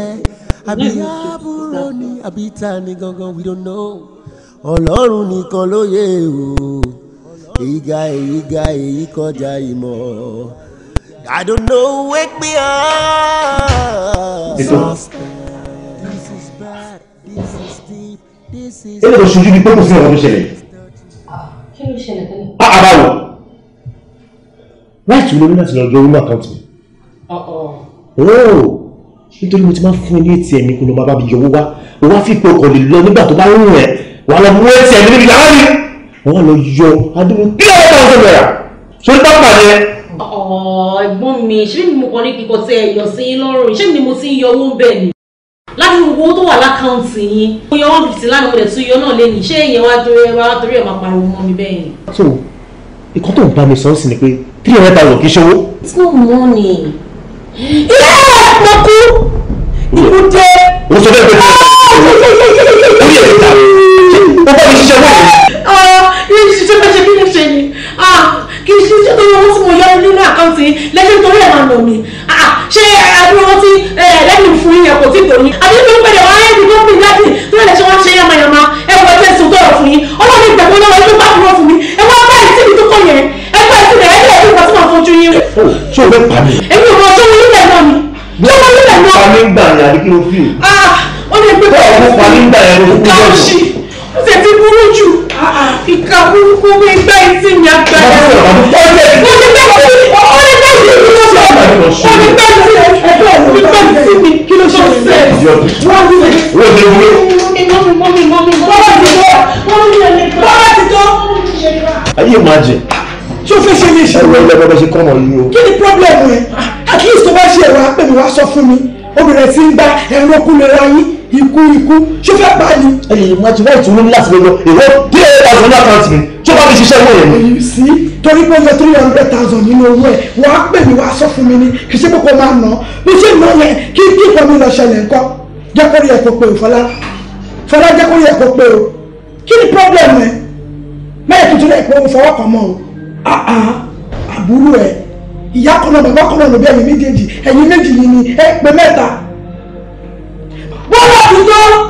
A: àbí àbúrò ni àbí ni gangan we don't know ọlọ́run nìkan ló yẹ o èyí ga èyí ga èyí kọjá ìmọ̀. I don't know, wake me up. ilé tó ṣojú ni pé ọ̀rọ̀ tó
C: ṣẹlẹ̀.
A: Ah, kí ló ṣẹlẹ̀ tẹ́lẹ̀.
C: a ah, ah, báwo láìsí olórí láti nítorí mo ti máa fún ẹ ní ẹ̀mí kó ló bá mi yọ owó wá owó fi pé ọkọ̀ lè lọ nígbà tó bá ń rùn ẹ̀ wà á lọ mú ètì ẹ̀mí níbi yàrá mi wọ́n lọ yọ adúrú
D: kí ló wọ́n tó bẹ̀rẹ̀ sórí pápá yẹn. ẹ̀gbọ́n mi ṣé ni mo kàn ní kíkọ́ tí ẹ sí lọ́rùn ṣé ni mo ti ń yọ owó bẹ́ẹ̀ ni láti gbogbo owó tó wà lákàǹtì yín mo yọ one fifty lánàá mo dẹ̀ tún yọ náà lé ní ṣé ìyẹn wá torí ẹ wá torí ẹ máa pariwo mọ́ mi bẹ́ẹ̀ yẹn. so
C: ìkan tó ń bá mi sọ sí ni pé three hundred thousand kì í ṣòwò.
D: it's no money. ilé ẹ̀pọ̀ kú ikú dé. o sọ bẹ́ẹ̀ bẹ́ẹ̀ ah! orí ẹ̀ ta o bá mi ṣiṣẹ́ wọ́ọ̀. ilé ṣiṣẹ́ bẹ́ẹ̀ ṣe bí mo ṣe ni ah! kì í ṣiṣẹ́ tó yọ owó tí mo yọ nínú àkáǹtì lẹ́jọ́ torí ẹ̀ máa nà mí ṣé àdúró tí lẹ́yìn fún yẹn kò tí tòun àti tó ń pẹ̀lẹ́ wáyé ibi tó ń pè jáde tó lè ṣe wọ́n ṣe yamayama ẹ wọ ẹgbẹ́ sùn tọrọ fún yín ọlọ́run ìgbàgbọ́ náà wọ́n tó bá dúró fún mi ẹ wọ́n bá ìtì mi tó kọ yẹn ẹ bá ìtì mi ẹ lè rí ìgbà tí màá fojú yín. ṣé o bẹ
A: pa mi. èmi ò
D: mọ ṣé mo nílẹ̀ náà ni ṣé mo nílẹ̀ náà. pa mi
A: gbà ní àdínkù fi.
D: Ah, ó lè gbé bẹ́ẹ̀ ah, ah, ìka burúkú mi gbá ìtì mi àgbàdo. mo ti bẹ́ẹ̀ lọ sí mi. omi bẹ́ẹ̀ sí mi kí ló ṣe ṣe. wọ́n ní wọ́n ní wọ́n. mọ́mí mọ́mí mọ́mí bọ́lá ti tó bọ́lá ti tó.
C: ayé máa jẹ. tí o fẹ́ ṣe ní ìṣòro. ẹ̀rọ ẹ̀rọ ẹ̀ṣẹ̀ kọ́ ọ̀nà yìí o.
D: kí ni pírọ́blẹ̀mù ẹ̀ at least tó bá ṣe ẹ̀rọ apẹ̀mí wá sọ fún mi obìnrin ti ń gba ẹ̀rọ kúlera yín ikú ikú ṣé
C: fẹ́ pa ni. ẹyẹ ìmọ̀ àti wáìtì olómi láti lọ èrò dé àgbọ̀n náà kan tì mí tí ó bá mi ṣiṣẹ́ wọ̀nyẹn.
D: you see torí pé ó three hundred thousand nínú owó ẹ̀ wọ́n á pè mí wá sọ fún mi ní kì í ṣe pé kò máa nà bí ṣe nà yẹn kí kí ìfọ̀ mi lọ ṣẹlẹ̀ ńkọ́ jẹ́ kó rí ẹ̀ kó pe ò fọlá fọlá jẹ́ kó rí ẹ̀ kó kí ni problem ẹ̀ mẹ́rin tuntun náà kó fọwọ́ kàn
C: mọ́ o àbúrò ẹ̀ ìyá kan náà bàbá kan náà ló bí ẹ̀yin méjèèjì
D: ẹ̀yin méjì yìí ni ẹ pé mẹ́ta wọ́n wà dúró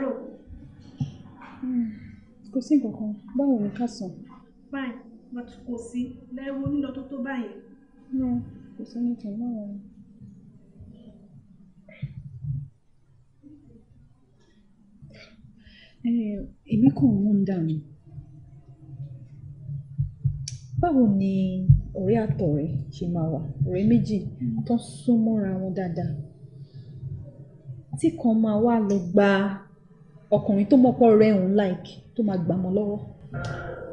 D: rò. Hmm, kò sí nǹkan kan báwo ni ká sàn. fine but kò sí lẹ́rú onílọ tó tó báyìí. no kò sí nìkan náà. Eh, èmi kò ń wọ́n dànù báwo ni ọ̀rẹ́ àtọ̀rẹ́ ṣe máa wà ọ̀rẹ́ méjì tó ń sún mọ́ra wọn dáadáa tí kan máa wá lọ gba ọkùnrin tó mọ̀pọ̀ rẹ̀ ń like tó máa gbà mọ́ lọ́wọ́.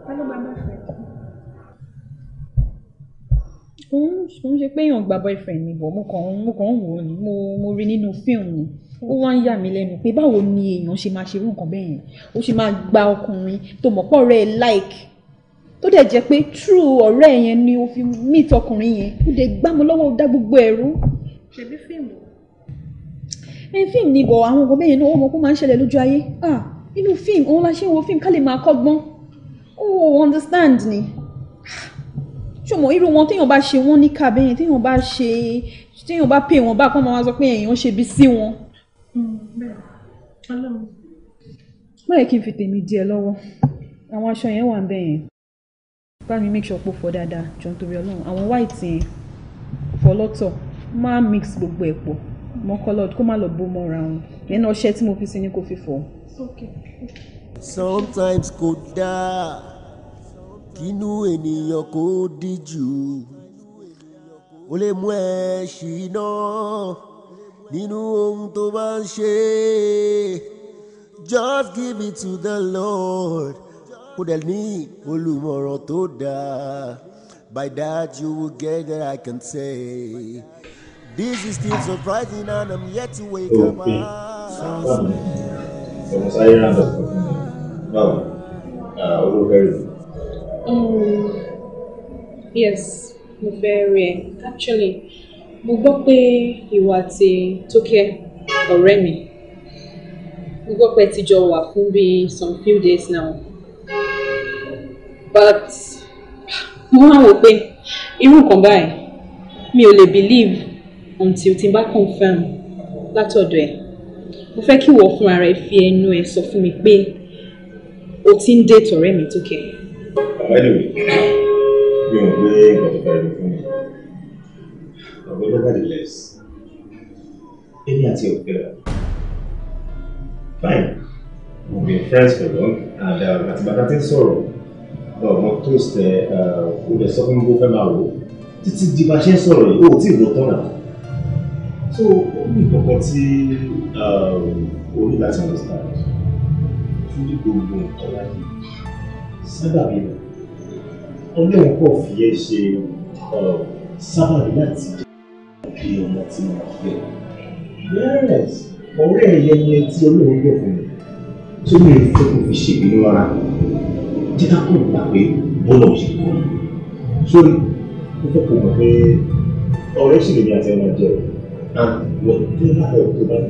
D: ta ló gba boyfriend. mo ń ṣe pé èèyàn gba boyfriend mi bọ̀ mo kàn mo kàn ń wò ó ni mo mo rí nínú fíìmù ni ó wá ń yà mí lẹ́nu pé báwo ni èèyàn ṣe máa ṣe irú nǹkan bẹ́ẹ̀ yẹn ó ṣe máa gba ọkùnrin tó mọ̀pọ̀ rẹ̀ like tó dẹ̀ jẹ́ pé true ọ̀rẹ́ yẹn ni ó fi meet ọkùnrin yẹn ó dẹ̀ gbá mi lọ́wọ́ ó dá gbogbo ẹ̀rú. ṣèbí fíìmù fíìmù ni bọ̀ àwọn nǹkan bẹ́yẹn náà ó mọ̀ kó máa ń ṣẹlẹ̀ lójú ayé ah, inú fíìmù òun la ṣe ń wo fíìmù ká lè máa kọ́gbọ́n ó understand ni ṣùgbọ́n irú wọn téèyàn bá ṣe wọ́n ní kàbẹ́yẹn téèyàn bá ṣe téèyàn bá pè wọ́n bá kọ́ máa sọ pé èèyàn ṣe bí sí wọn. Hmm, báyìí kí n fi tèmi díẹ̀ lọ́wọ́ àwọn aṣọ yẹn wà ń bẹ̀ yẹn bá mi make sure pò fọ dáadáa jọ nítorí ọlọ́run àwọn white yẹn fọ lọ́tọ̀ máa mix gbogbo ẹ̀ pọ̀ mọ́ colored kó má lọ bó mọ́ra wọn yẹn ọṣẹ tí mo fi sí
A: ni kò fi sometimes kò dáa kínú ènìyàn kò díjú ó lè mú ẹ ṣìnà nínú ohun tó bá ń ṣe just give it to the Lord kó dẹ̀ ní olùmọ̀ràn tó dáa by that you will get that I can say. This is still surprising and I'm yet to wake okay. up. From Sayra
B: No. Uh, Olufere.
D: Um, yes, very. Actually, mo gbọ́ pé ìwà ti Tókẹ́ ọ̀rẹ́ mi. Mo gbọ́ pé ti jọ wà fún bí some few days now. But mo máa wò pé irú nǹkan báyìí mi ò lè believe until tí n bá confirm látọ̀dọ̀ ẹ̀ mo fẹ́ kí ìwọ fún ara ẹ fi ẹnu ẹ sọ fún mi pé o ti ń dé tọ̀rẹ́ mi tó kẹ́.
B: bàbá ìlú mi ò gbé ìgbàlódé rẹ fún mi ọ̀gbọ́n ló bá di èmi àti òkè rẹ
C: fine we been friends for long and uh, àti bàtà ti ń sọ̀rọ̀ ọ̀gbọ́n toast ẹ̀ kò lè sọ fún mi bó fẹ́ máa wò títí di bá ṣe ń sọ̀rọ̀ yìí ó ti rò tán náà
D: so ó ní
C: ìkọ̀kọ̀ tí o ní láti
B: understand fún gbogbo nǹkan láyé sábàbí rẹ̀ ọlọ́run kọ̀ fi ẹ́ ṣe um, sábàbí láti jẹ́ ìpè ọmọ tí mo fẹ́ yes ọ̀rẹ́ ẹ̀yẹ yẹn tí ọlọ́run yọ̀ fún mi tó ní ìfẹ́ kò fi ṣèbínú ara jẹ́ ká kó gbà pé bọ́lá ò ṣe kọ́ sórí ó fẹ́ kó mọ̀ pé ọ̀rẹ́ ṣèlérí àti ẹ̀rọ jẹ́ o. And whatever help you might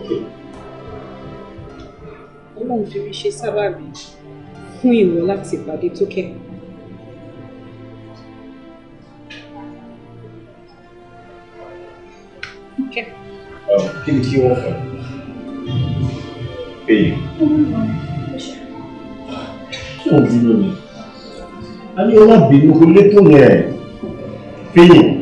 D: Okay? Ọlọ́run fi mí ṣe sábàbí fún ìwọ láti ìpàdé tó kẹ́.
C: Kí ni kí wọ́n fà? Bẹ́ẹ̀ni. Ṣé òun bínú ni? A ní ọlá bínú kò B。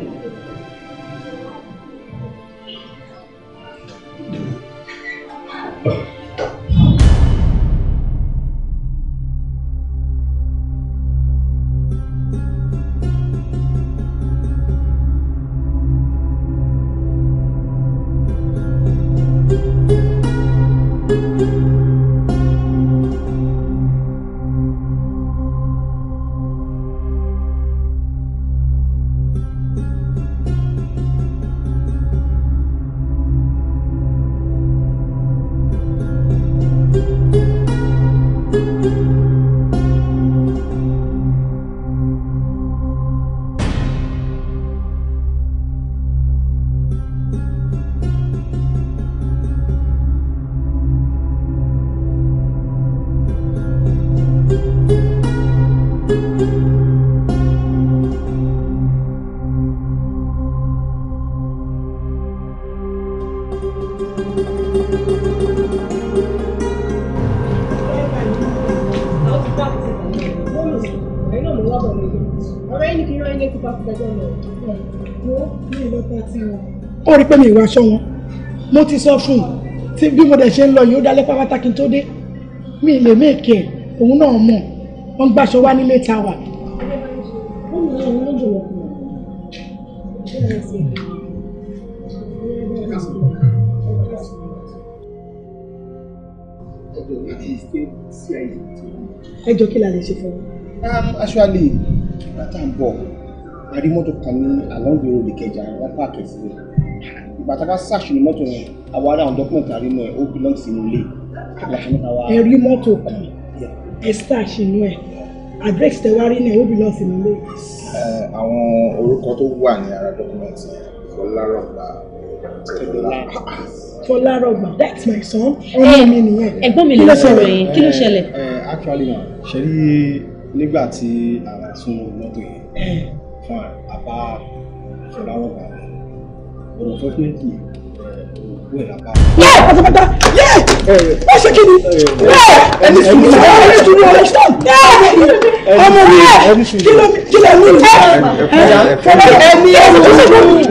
D: lè wá aṣọ wọn mo ti sọ fún un tí bí mo dẹ̀ ṣe ń lọ yìí ó dalẹ́ pátá kí n tó dé mi lè méèkì ẹ̀ òun náà mọ̀ wọ́n gbàṣọ wá nílé ta wà. ẹ jọ kí la lè ṣe fún un. Um, aṣọ́àlè
C: bàtà ń bọ̀ a kan ní along the road Ìkẹjà wọ́n pààkì sílẹ̀ ìgbà tá a bá ṣàṣìlò mọ́tò yẹn àwa ará àwọn dọ́kúmẹ̀tì àrímọ̀ ẹ̀ ó belong sínú ilé ẹ rí
D: mọ́tò kan ẹ ṣàṣìlò ẹ̀ address tẹ wá rí náà ó belong sínú ilé.
B: àwọn orúkọ tó wà ní ara dọ́kúmẹ̀tì fọlárọ̀gbà
D: fọlárọ̀gbà that's my son ọmọ mi nìyẹn ẹ̀gbọ́n mi lè sọ̀rọ̀ yẹn kí ló ṣẹlẹ̀.
C: actually ṣe rí nígbà tí àwọn sún mọ́tò yẹn
D: fún àbá fọlárọ̀gbà
C: Yeah, fún pé ní òkú yeah. lápá.
D: yẹ pátápátá Yeah, ẹ ṣe kí ni yẹ ẹni Yeah, ní ọ̀rọ̀ ẹni sùn ní ọ̀rọ̀ yeah. yẹ ọmọ mi kí ló ń kí ló ń mú mi fọwọ́ ẹni ẹni tó ṣe fún mi.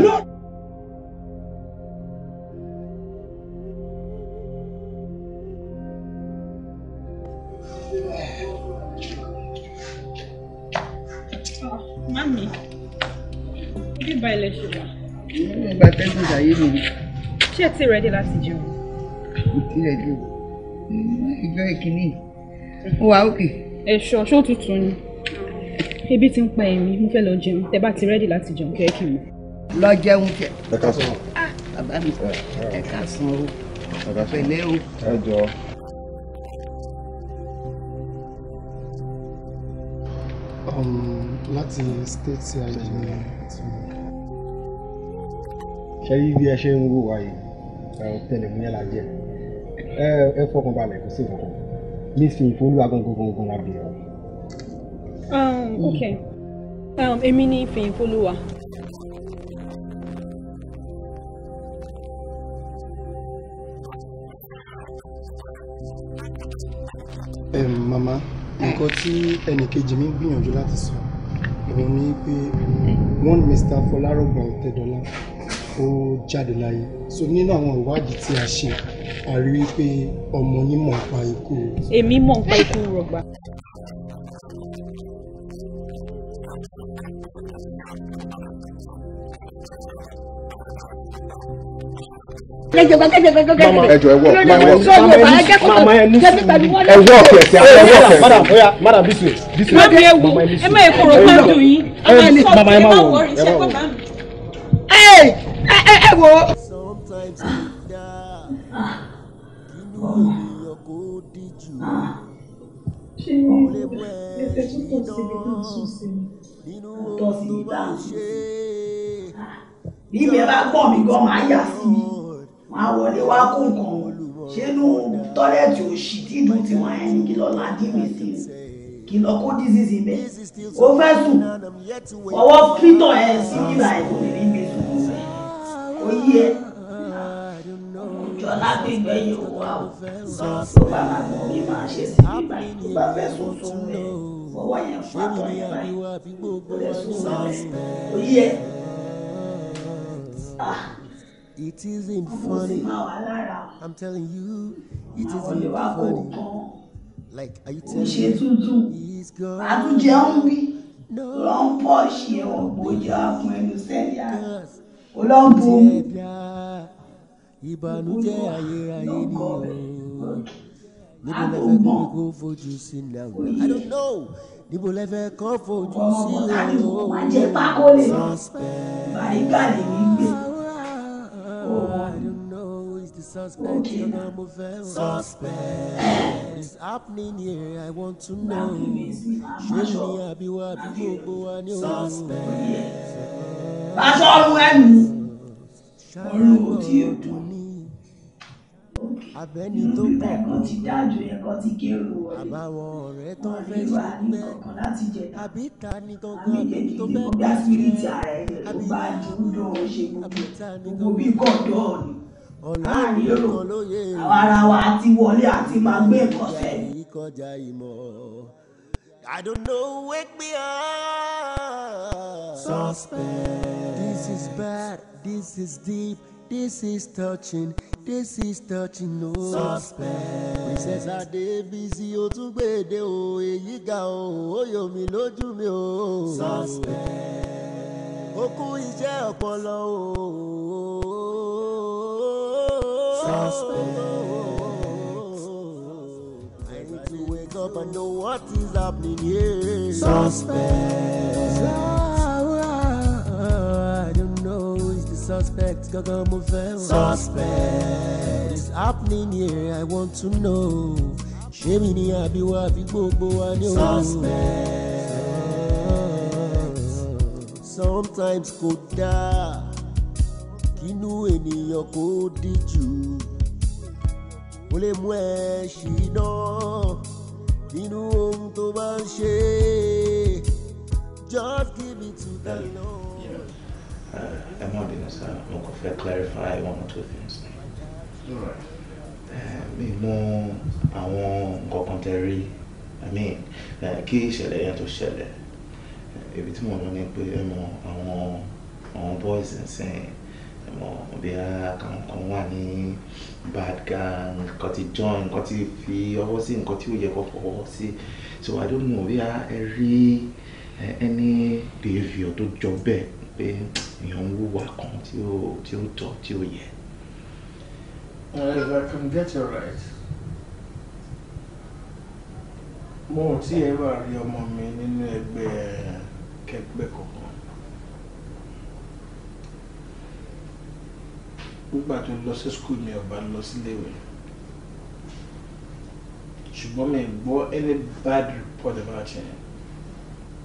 D: ṣé ẹ ti rẹ́dí láti jẹun.
C: mo ti rẹ́dí o
D: mm, ìjọ ìkíní ó wà òkè. ẹ̀ṣọ́ ṣó tutù ni ebi ti ń pa èmi mo fẹ́ lọ jẹun tẹ bá ti rẹ́dí láti jẹun kẹ́ kí n mọ̀. lọ jẹun kẹ.
A: ẹ ká sùn. Ah! bàbá mi ẹ ká sùn o pẹ̀lẹ́ o. ẹ jọ.
C: Um, láti state ti àjẹmí. ṣe rí bí ẹ ṣe ń wò wáyé ọ̀tẹlẹ̀múyẹ́ la jẹ́ ẹ fọkàn balẹ̀ kò sí ìfọkàn nísìnyí fún olúwa gangan gangan la bẹ̀rẹ̀ o.
D: Um, ok um, èmi ní ìfẹ̀yìn fọlọ́wà.
C: màmá nǹkan tí ẹnìkejì mi gbìyànjú láti sọ òun ni pé one mr fọlárọ̀gbọ̀n tẹ̀dọ́lá ó jáde láyé so nínú àwọn ìwádìí tí a ṣe a rí wípé ọmọ yín mọ̀ nípa ikú. èmi
D: mọ̀ nípa ikú rọ̀gbà. mama ẹjọ ẹwọ mama ẹnu ẹwọ ọkẹ ti àwọn ẹwọ ọkẹ madam oya
C: madam this way this way mama ẹnu
D: sùn mama ẹ má wọ ẹ má wọ
A: wo. sometimes kò dáa inú ènìyàn kò
D: díjú ṣé ẹsẹ̀ tó tọ̀ síbi tó tún sí mi tọ̀ sí ìdá sí bí ibẹ̀ bá gbọ́ mi gan máa yà sí mi máa wọlé wá kó nǹkan ṣé inú tọ́lẹ̀tì òṣì dídùn tiwọn ẹ̀ ní kí lọ́la dí mi sí i kì lọ kó disease ibẹ̀ ó fẹ́ sùn ọwọ́ pítọ̀ ẹ̀ sí ìlà ẹ̀ kò ní níbi kò yẹ ọjọ́ lágbègbè yìí wà ó tó bá máa mọ̀ mí máa ṣe sí bí
A: báyìí tó bá fẹ́ sùn sùn lẹ̀ fọwọ́ yẹn fún àtọ̀ yẹn báyìí kò lè sùn sùn lẹ̀ yẹ. Ah. It isn't funny. I'm telling you, it isn't funny. Like, are you
D: telling me he's gone? Àtúnjẹun bí lọ́n pọ̀ ṣe
A: ọ̀gbọ́jà fún ẹnu sẹ́yà
D: olóńgbò
A: ìbànújẹ́ ayérayé ni o níbo lẹ fẹ́ kó fojú sí náà i don't know níbo lẹ fẹ́ kó fojú sí o suspect. Oh, the suspect. Okay. You know, suspect. It's happening here. I want to know. Show me Abiwa Abibo Ani
D: Suspect aṣọ́rú ẹ̀mí ọ̀run ò tí ò dùn. Abẹ́ni tó kọ̀ ẹ̀kọ́ ti dájú ẹ̀kọ́ ti kéwòn wọlé. Àbáwọn ọ̀rẹ́ tó fẹ́ ṣe pẹ́. Àbí ta ni tó gbọ́ àbí tó fẹ́ gbà sílẹ̀. Àbí ta ni tó gbà sílẹ̀. Àbí ta ni tó gbà sílẹ̀. Àbí ta ni tó gbà sílẹ̀. Gbogbo bí kọ̀dọ̀ ni láàrin èrò àwọn ara wa àti wọlé àti máa gbé ẹ̀kọ́ sẹ́yìn. I don't
A: know, wake me up. Suspect. This is bad, this is deep, this is touching, this is touching, no. Suspect. Princess Adebisi o tún gbèdé o, èyí ga o, ó yọ mí lójú mi o. Suspect. Ó kú iṣẹ́ ọpọlọ o. Suspect. up and know what is happening here. Suspect. I don't know who's the suspect. Gaga Mofel. Suspect. What is happening here? I want to know. Shemi ni abiwa fi gbogbo wa ni o. Suspect. Sometimes kò dáa kínú ènìyàn kò díjú ó lè mú ẹ nínú ohun tó bá ń ṣe just give it to the Lord. Uh, ẹ mọ̀ dínà
B: sá mo kàn fẹ́ clarify one or two things. mi mọ àwọn nǹkan kan tẹ rí i mean kí ìṣẹ̀lẹ̀ yẹn tó ṣẹlẹ̀ ibi tí mo lọ ni pé ẹ mọ àwọn àwọn boys ń mọ̀ bí àwọn kan wà ní bad gan nǹkan ti join nǹkan ti fi ọwọ́ sí nǹkan tí ó yẹ kó fọwọ́ so I don't know bí ẹ rí any behaviour tó jọ bẹ́ẹ̀ pé èèyàn ń wúwa kan tí ó tí ó tọ́ tí ó yẹ. Uh, if I can get you right mo ò tí ẹ wà rí ọmọ mi nínú ẹgbẹ́ kẹgbẹ́ kankan. nígbà tó lọ sí skul mi ọba lọ síléèwé ṣùgbọ́n mi gbọ́ any bad report about yẹn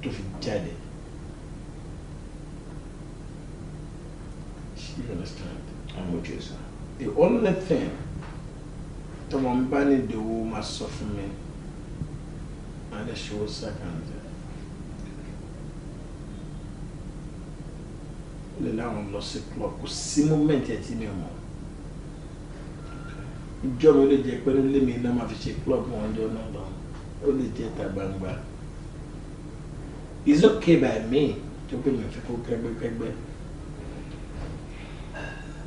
B: tó fi jáde you understand. I'm with you sir. the only thing tọmọ n bá do ìdòwò máa sọ fún and then she was second. lè láwọn lọ sí club kò sí moment ẹ̀ tí mi mọ̀ ìjọ mi ó lè jẹ́ pé mi náà máa fi ṣe club wọn jọ náà lọ ó lè jẹ́ ta gbangba it's okay by me tó pé mi fi kó kẹ́gbẹ́kẹ́gbẹ́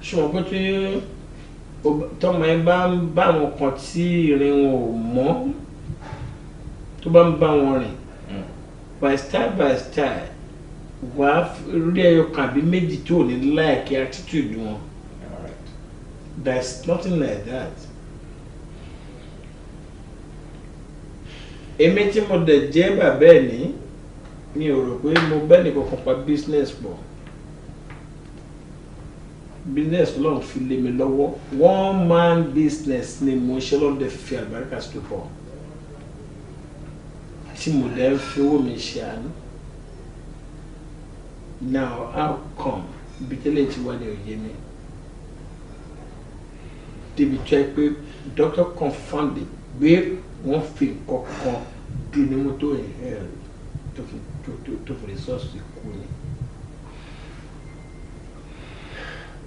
B: ṣùgbọ́n pé tí tọmọ ẹ bá ń bá mo kan tí ìrìn wọn ò mọ́ tó bá ń bá hmm. by style by style wà á rí ẹyọ kan àbí méjì tó ní láìkí attitude wọn there is nothing like that. èmi tí mo dẹ̀ jẹ́ bàbá ẹ̀ ní mi ò rò pé mo bẹ́ẹ̀ ní kankan pa business pọ̀ business lọ́n fi lé mi lọ́wọ́ one man business ni mo ṣe lọ́dẹ fi àlùbáríkà sí tó pọ̀ tí mo dẹ̀ ń fi owó mi ṣe àná now how come bitẹ́lẹ̀ ti wá ní òye mi débi tó pé doctor confirmed pé wọ́n fi kankan dùn ní mọ́tò inhale tó fi resource kú ni.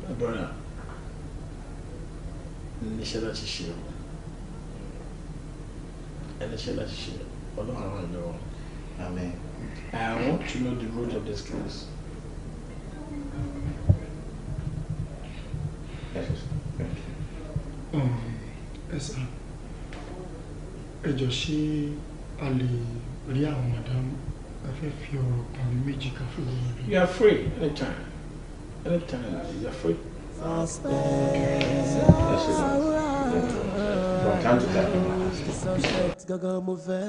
B: abọ́ra níṣẹ́ láti ṣe o ẹniṣẹ́ láti ṣe ọlọ́run àwọn ìlú wọn. I want to know the root of this case.
C: Yes, sir. Thank you. a lè rí àwọn madam a fi ọ̀rọ̀ kan méjì ká fún wọn.
B: You are free anytime. Anytime you are free. From
A: time to time,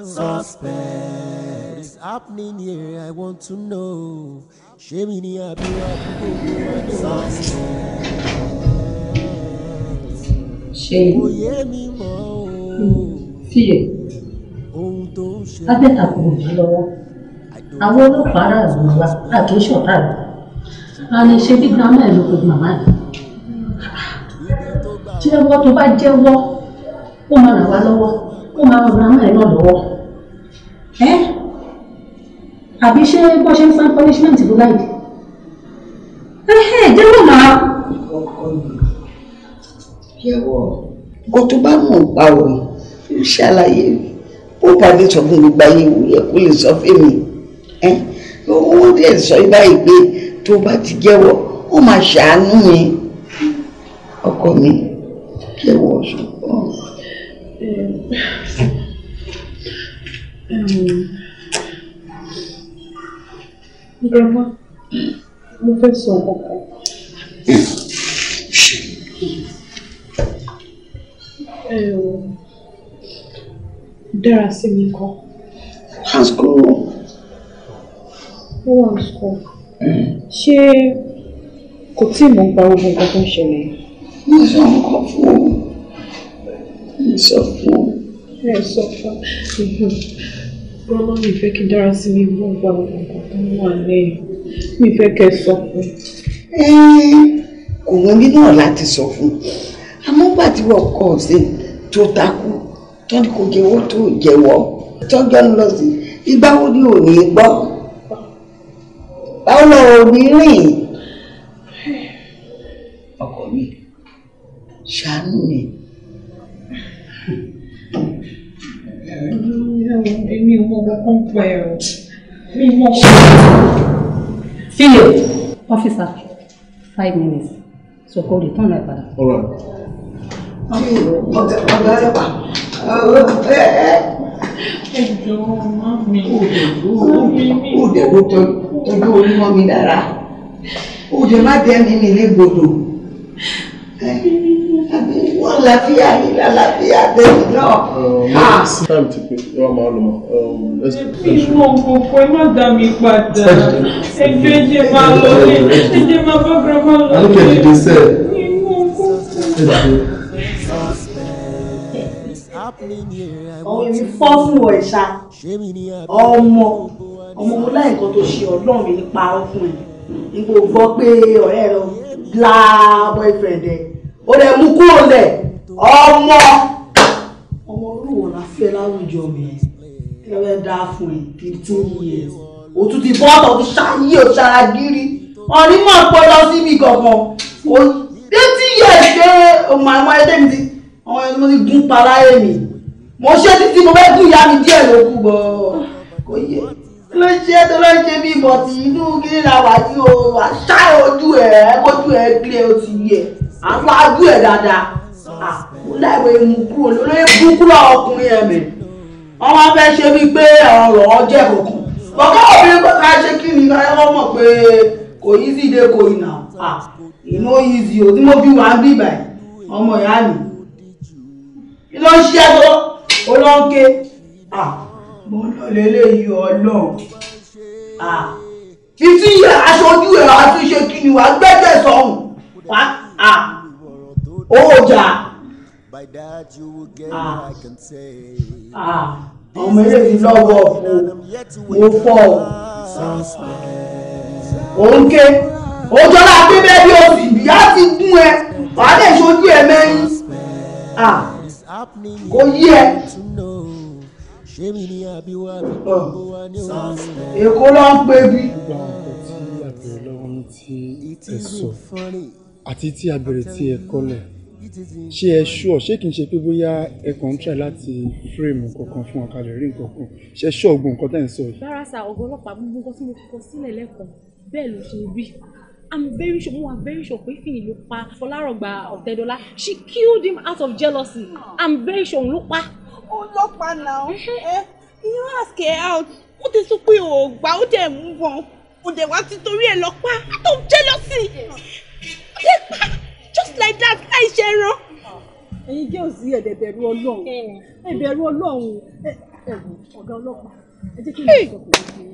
A: Suspect. What is happening here? I want to know. Ṣé mi ni àbí wà? Suspect fíyè
D: abẹ́ta kò yí lọ́wọ́ àwọn ọlọ́pàá aráàlú wa àkíyèsọ̀ aráàlú a lè ṣe bí gírámà ẹ̀ ló pe màmá rẹ̀ jẹ́wọ́ tó bá jẹ́wọ́ ó máa ràn wá lọ́wọ́ ó máa ràn gírámà ẹ̀ náà lọ́wọ́ ẹ́ àbí ṣé bó ṣe ń san punishment ló láì jẹ́wọ́ màá yẹ̀wò nǹkan tó bá mọ̀ pa ò ní ṣàlàyé bó bá lè sọ fún mi gba ewu yẹ kó lè sọ fún mi wọ́n dẹ̀ sọ báyìí pé tó bá ti jẹ́wọ́ ó máa ṣàánú mi ọkọ mi jẹ́wọ́ ṣùgbọ́n. Grandma, mo fẹ́ sọ ọkọ̀ Ehm, dára sí mi kọ́. Has grown up. Ó wà ní school. Mm. Ṣé kò tí mò ń gba gbogbo nǹkan tó ń ṣẹlẹ̀? Mo sọ àwọn kan fún ọ. Mo sọ fún ọ. Ẹ sọ fún ọ. Bọ́lá mi fẹ́ kí dára sí mi mò ń gba gbogbo nǹkan tó ń wà lẹ́yìn. Mi fẹ́ kẹ́ sọ fún. Kò wọ́n mi náà láti sọ fún. Àmọ́ gbàdúrà kọ̀ ọ́ sí tó takú tó ní kò jẹ́wọ́ tó jẹ́wọ́ tọ́jọ́ ń lọ sí ìgbà wo ni ò ní gbọ́ báwo lọ ò ní rìn ọkọ mi ṣàánú mi. èmi ò mọ kankan pa ẹ o mi mọ. sílẹ̀ ọ́fíìsà five minutes so kò return ẹ̀ padà. all right ọ̀gá ọlọ́pàá ẹjọ́ mami mi ò dẹ̀ ló tọ́jú onímọ̀ mi dára ò dẹ̀ má dẹ́ mi mi ní gbòdò
A: wọ́n láfíà yìí lálàáfíà bẹ́ẹ̀ náà.
B: time ti pe ẹ wá máa lọ mọ. ẹbí mọ gbogbo ẹ má dá mi padà ẹjọ́ ẹjẹ
D: máa lọ lé ẹjẹ máa bá grandma lọ lé. àlùkò ẹ̀dìdì sẹ́ẹ̀. ẹ̀dìdì ọ̀hún èmi fọ́ fún wọ ìṣá ọmọ ọmọ mo láì nǹkan tó ṣe ọlọ́run mi nípa ọkùn ẹ̀ nígbà ó gbọ́ pé ọ̀rẹ́ rẹ bla boyfriend ẹ̀ ó lè mú kúrò lẹ̀ ọmọ ọmọ olúwo la fẹ́ láwùjọ mi ẹ ẹ dáa fún ẹ fifteen years o tún ti bọ́ ọ̀tọ̀ tún ṣáyé o ṣara gírí ọ̀rí mọ̀ pé lọ síbi gangan o eighty years ṣe ọmọ àwọn ẹlẹ́mi ti ọmọ ẹni mo ti gún pa láyé mi mo ṣe títí mo fẹ́ gún ìyá mi díẹ̀ ló kú bọ̀ kò yẹ kí ló ṣe tó ló ṣe bí ìbọ̀tì inú kí ni àwà tí o àṣà ojú ẹ̀ kójú ẹ̀ kílẹ̀ o ti yẹ àwọn ajú ẹ̀ dáadáa àwọn láìwé mu kúrò lórí búkúrò ọkùnrin ẹ̀mí wọ́n máa fẹ́ ṣe bíi pé ọ̀rọ̀ ọjẹ́ kọ̀ọ̀kan bọ̀kọ́ obìnrin kọ́ka ṣe kí ni káyọ̀ mọ̀ pé kò yí sí ìdè kò ìnà ìnú yí sí o tí mo fi wà á bí ìbàyìí ọmọ ìyá mi kí ló ń ṣiṣẹ́ tó ó lọ ń ké mo lọ lélẹ́yìí ọlọ́run ìtí yẹ aṣọ ojú ẹ̀ wá tún ṣe kí ni wà á gbẹ́jẹ̀ sọ̀hún wá owó jà ọmọ eléyìí lọ́wọ́ mo fọ́ ò ń ké òjò náà gbé bẹ́ẹ̀ bí o sì bí á ti gún ẹ
A: wàá lè ṣojú
D: ẹ mẹ́rin kò yí ẹ.
A: èkó ló ń pè bí.
C: àti ti a bèrè tí ẹ kọ́lẹ̀ ṣé ẹ ṣọ ṣé kì í ṣe pé bóyá ẹ kàn ń try láti fírémù kankan fún ọkà lè rí nǹkan kan ṣe ṣọ ogun nǹkan tẹ́ ń sọ yìí.
D: rárá ọ̀gá ọlọ́pàá gbogbo nǹkan tí sílẹ̀ lẹ́kọ̀ọ́ bẹ́ẹ̀ ló ṣe rí I'm very sure, mo wà very sure pé Fìyìn ló pa Fọlárọ̀gbà Ọ̀tẹ́dọ́lá. She killed him out of jealousy. Ah. I'm very sure òun ló pa. Ó lọ pa náà. you ask her out. Ó ti sọ pé ò gbà ó dẹ̀ mú wọn. Ó dẹ̀ wá ti torí ẹ̀ lọ pa out of jealousy. Ó dẹ̀ pa just like that láì ṣe ẹran. Ẹ̀yin jẹ́ òsì ẹ̀dẹ̀ bẹ̀rù Ọlọ́run. Eh. Ẹ̀bẹ̀rù Ọlọ́run. Ẹ̀bùn ọ̀gá ọlọ́pàá. Ẹ jẹ́ kí n lè sọ pé ó ti rí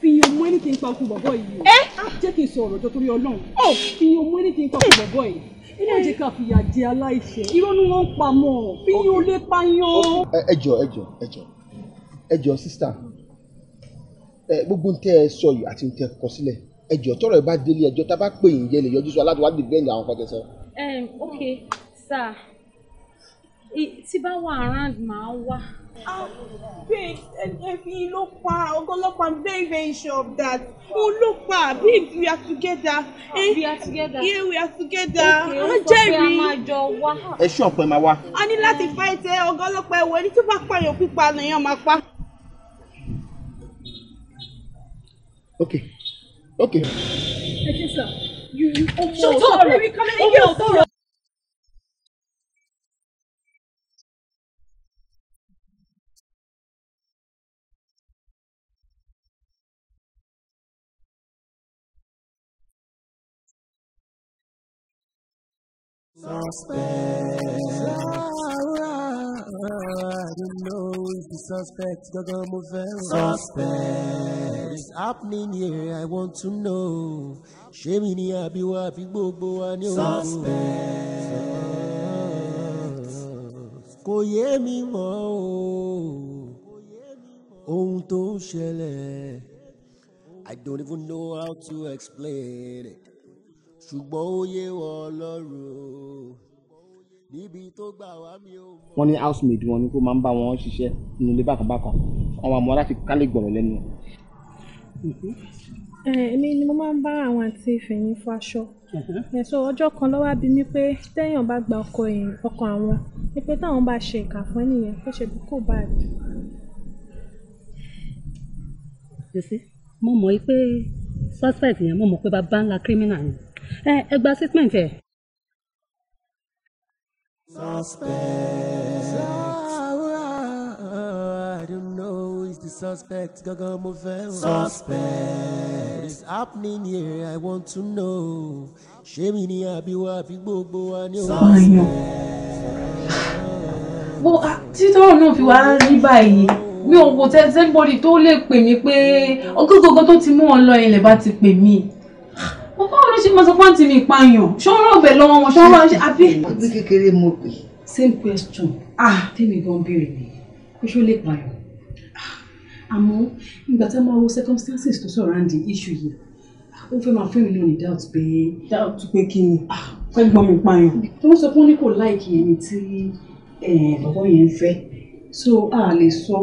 D: fi ọmọ ẹni tí ń pa okùn bọ̀bọ̀ yìí o eh? ah, jẹ́ kí n sọ ọ̀rọ̀ jọ torí ọlọ́run ó oh, fi ọmọ ẹni tí ń pa okùn bọ̀bọ̀ yìí inú ọjọ́ ká fìyà jẹ aláìṣẹ̀ irọ́ ni wọ́n ń pa mọ́ ọ fi yín ó lé payán.
C: ẹ jọ ẹ jọ ẹ jọ ẹ jọ sísá eh, gbogbo ń tẹ ẹ sọ yìí àti ń tẹ kọ sílẹ̀ ẹ jọ tọrọ ẹ bá délé ẹjọ́ tá a bá pè yín jẹ lè yọjú sọ aládùúgbò bẹ́ẹ̀ àwọn kan tẹ sọ.
D: ok sir tí bá wà around màá wà. Ah, babe ẹ̀fín ló i'm very very sure of that òun ló pa babe we are together. Ah, eh, we are together. yeah we are together. okay ah, ó
B: sọ pé a máa sure wá. ẹ ṣí ọ̀pẹ máa wá.
D: a ní láti fight ẹ eh, ọgọ́lọ́pàá ẹ̀wọ̀ ẹni tó bá pààyàn pípa nìyẹn máa pa. okay okay. ẹ ṣe sọ. you you ọmọ sorry. rẹ ọmọ ọ̀tọ̀ rẹ.
A: suspects, Gaga Movella. Suspect. It's happening here, I want to know. Ṣé mi ni àbí wá àbí gbogbo wa ni Suspect. Kò yé mi mọ́ o. Ohun tó I don't even know how to explain it. ṣùgbọ́n ó yé wọ ọlọ́run o níbi
C: tó gbà wá mi ò mọ̀. wọ́n ní housemaid wọn ni kó máa ń bá wọn ṣiṣẹ́ nínú ilé bákan bákan wọn máa mọ láti kálí gbọ̀rọ̀ lẹ́nu.
D: èmi ni mo máa ń bá àwọn àti ìfẹ̀yìn fọ aṣọ uh-huh. ẹ̀sọ́ ọjọ́ kan ló wá bi mí pé téèyàn bá gba ọkọ àwọn ni pé táwọn bá ṣe ìkà fún ẹnìyẹn kó ṣe bí kò bá rí. mo mọ̀ pé suspect yẹn mo mọ̀ pé bàbá ńlá criminal ni ẹ ẹ gba statement ẹ.
A: I don't know who the suspect. Gaga mo Suspect. What is happening here? I want to know. Shame in ni àbíwá àbí gbogbo wa ni o? Suspect.
D: Bo títọ́rọ̀ náà fi wá rí báyìí mi ò kò tẹ́ sẹ́ńbọ̀dì tó lè pè mí pé ọgọ́gọ́gọ́ tó ti mú ọ lọ ilẹ̀ bá báwo ló ṣe máa sọ fún àǹtí mi ìpààyàn ṣọ́ọ́rọ́ ọ̀bẹ lọ́wọ́ wọn ṣọ́ọ́rọ́ ṣe àbí. ọdún kékeré mo pè. same question ah tèmi gan béèrè ni pé ṣó lè pààyàn ah, àmọ́ ìgbà tá a máa wo circumstances tó surrounding issue yìí ó fẹ́ máa fún mi náà ní doubt pé doubt pé kí ni ah, fẹ́ gbọ́n mi pààyàn. tó ń sọ fún ní kò láìkì ẹni tí eh, bàbá yẹn ń fẹ́ so a lè sọ.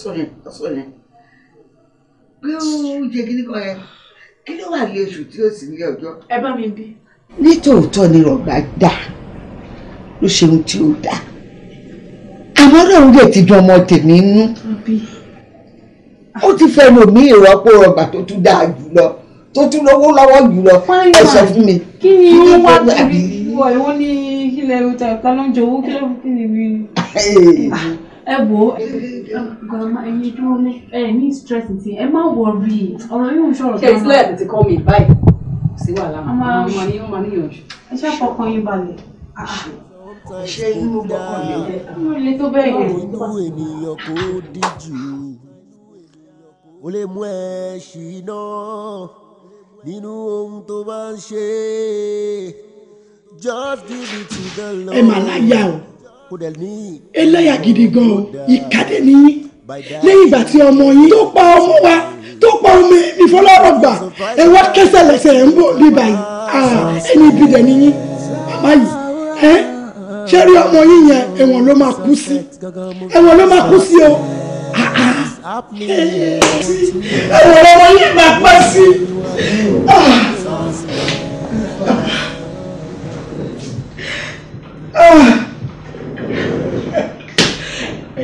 D: sọ yẹn sọ yẹn pé ó jẹ kíní kan yẹn kí ló wà lé oṣù tí ó sì ní ọjọ́. ẹ bá mi bí. nítòótọ́ ni rọ̀gbà dà ló ṣe ohun tí ó dà àmọ́ ọlọ́run lè ti dun ọmọ tèmi nú ó ti fẹnu mi ìrọ́pò rọ̀gbà tó tún dáa jùlọ tó tún lówó lọ́wọ́ jùlọ ẹ sọ fún mi. kí ni ó wá kiri wọ ìwọ ní ilẹ̀ ìwòta ẹ̀ka ló ń jowó kí ló kí ni mi ẹ wo grandma ẹyin dúró ní ẹ stress ti ẹ má worry ọ̀rọ̀ yóò ṣọ̀rọ̀ tó máa. kẹsílẹ̀ ti kọ́ mi báyìí sí wàhálà máa ń ní wọ́n máa ń yànjú. ẹ ṣe fọkàn yín balẹ̀ ṣe inú gbọ́kàn lé. inú
A: ilé tó bẹ́ẹ̀ yẹn. inú ènìyàn kò díjú ó lè mú ẹ ṣìnà nínú ohun tó bá ń ṣe ẹ mà láyà
C: o eléyà gidi gan o ìkàdé
D: nìyí lẹ́yìn ìgbà tí ọmọ yín tó pa ọmọ wa tó pa ọmọ mi fọlọ́rọ̀ gbà ẹ wá kẹsẹ̀ lẹ́sẹ̀ ẹ̀ ń bọ̀ bí báyìí ẹni ibi dẹ̀ nìyí màmá yìí ẹ ṣé rí ọmọ yín yẹn ẹ̀wọ̀n ló máa kú sí ẹ̀wọ̀n ló máa kú sí o ẹ̀wọ̀n ọmọ yín máa pa sí.
B: Ah!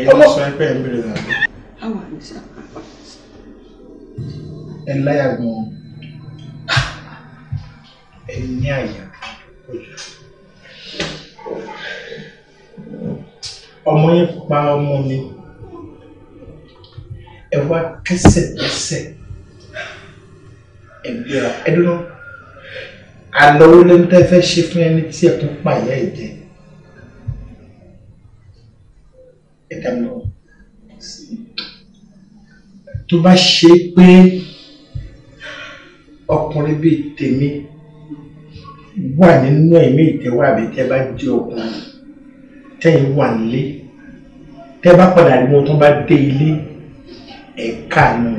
B: ẹ̀yin ló sọ pé ẹ̀ ń bèrè náà. ẹ láyà gan-an ẹ ní àyà ojú. ọmọ yẹn pa ọmọ mi ẹ wá kẹsẹ̀kẹsẹ̀ ẹ gbéra ẹ dúró àlọ́ wo ló ń tẹ́ fẹ́ ṣe fún ẹni tí ẹ tún pààyà ẹ̀ ẹ dá mi lọ sí tó bá ṣe pé ọkùnrin bíi tèmi wà nínú ẹ̀mí ìtẹ́wọ́ àbí tẹ́ bá jẹ́ ọkùnrin tẹ́yìn wà nílé tẹ́ bá padà rí wọn tó bá dé ilé ẹ̀ka nù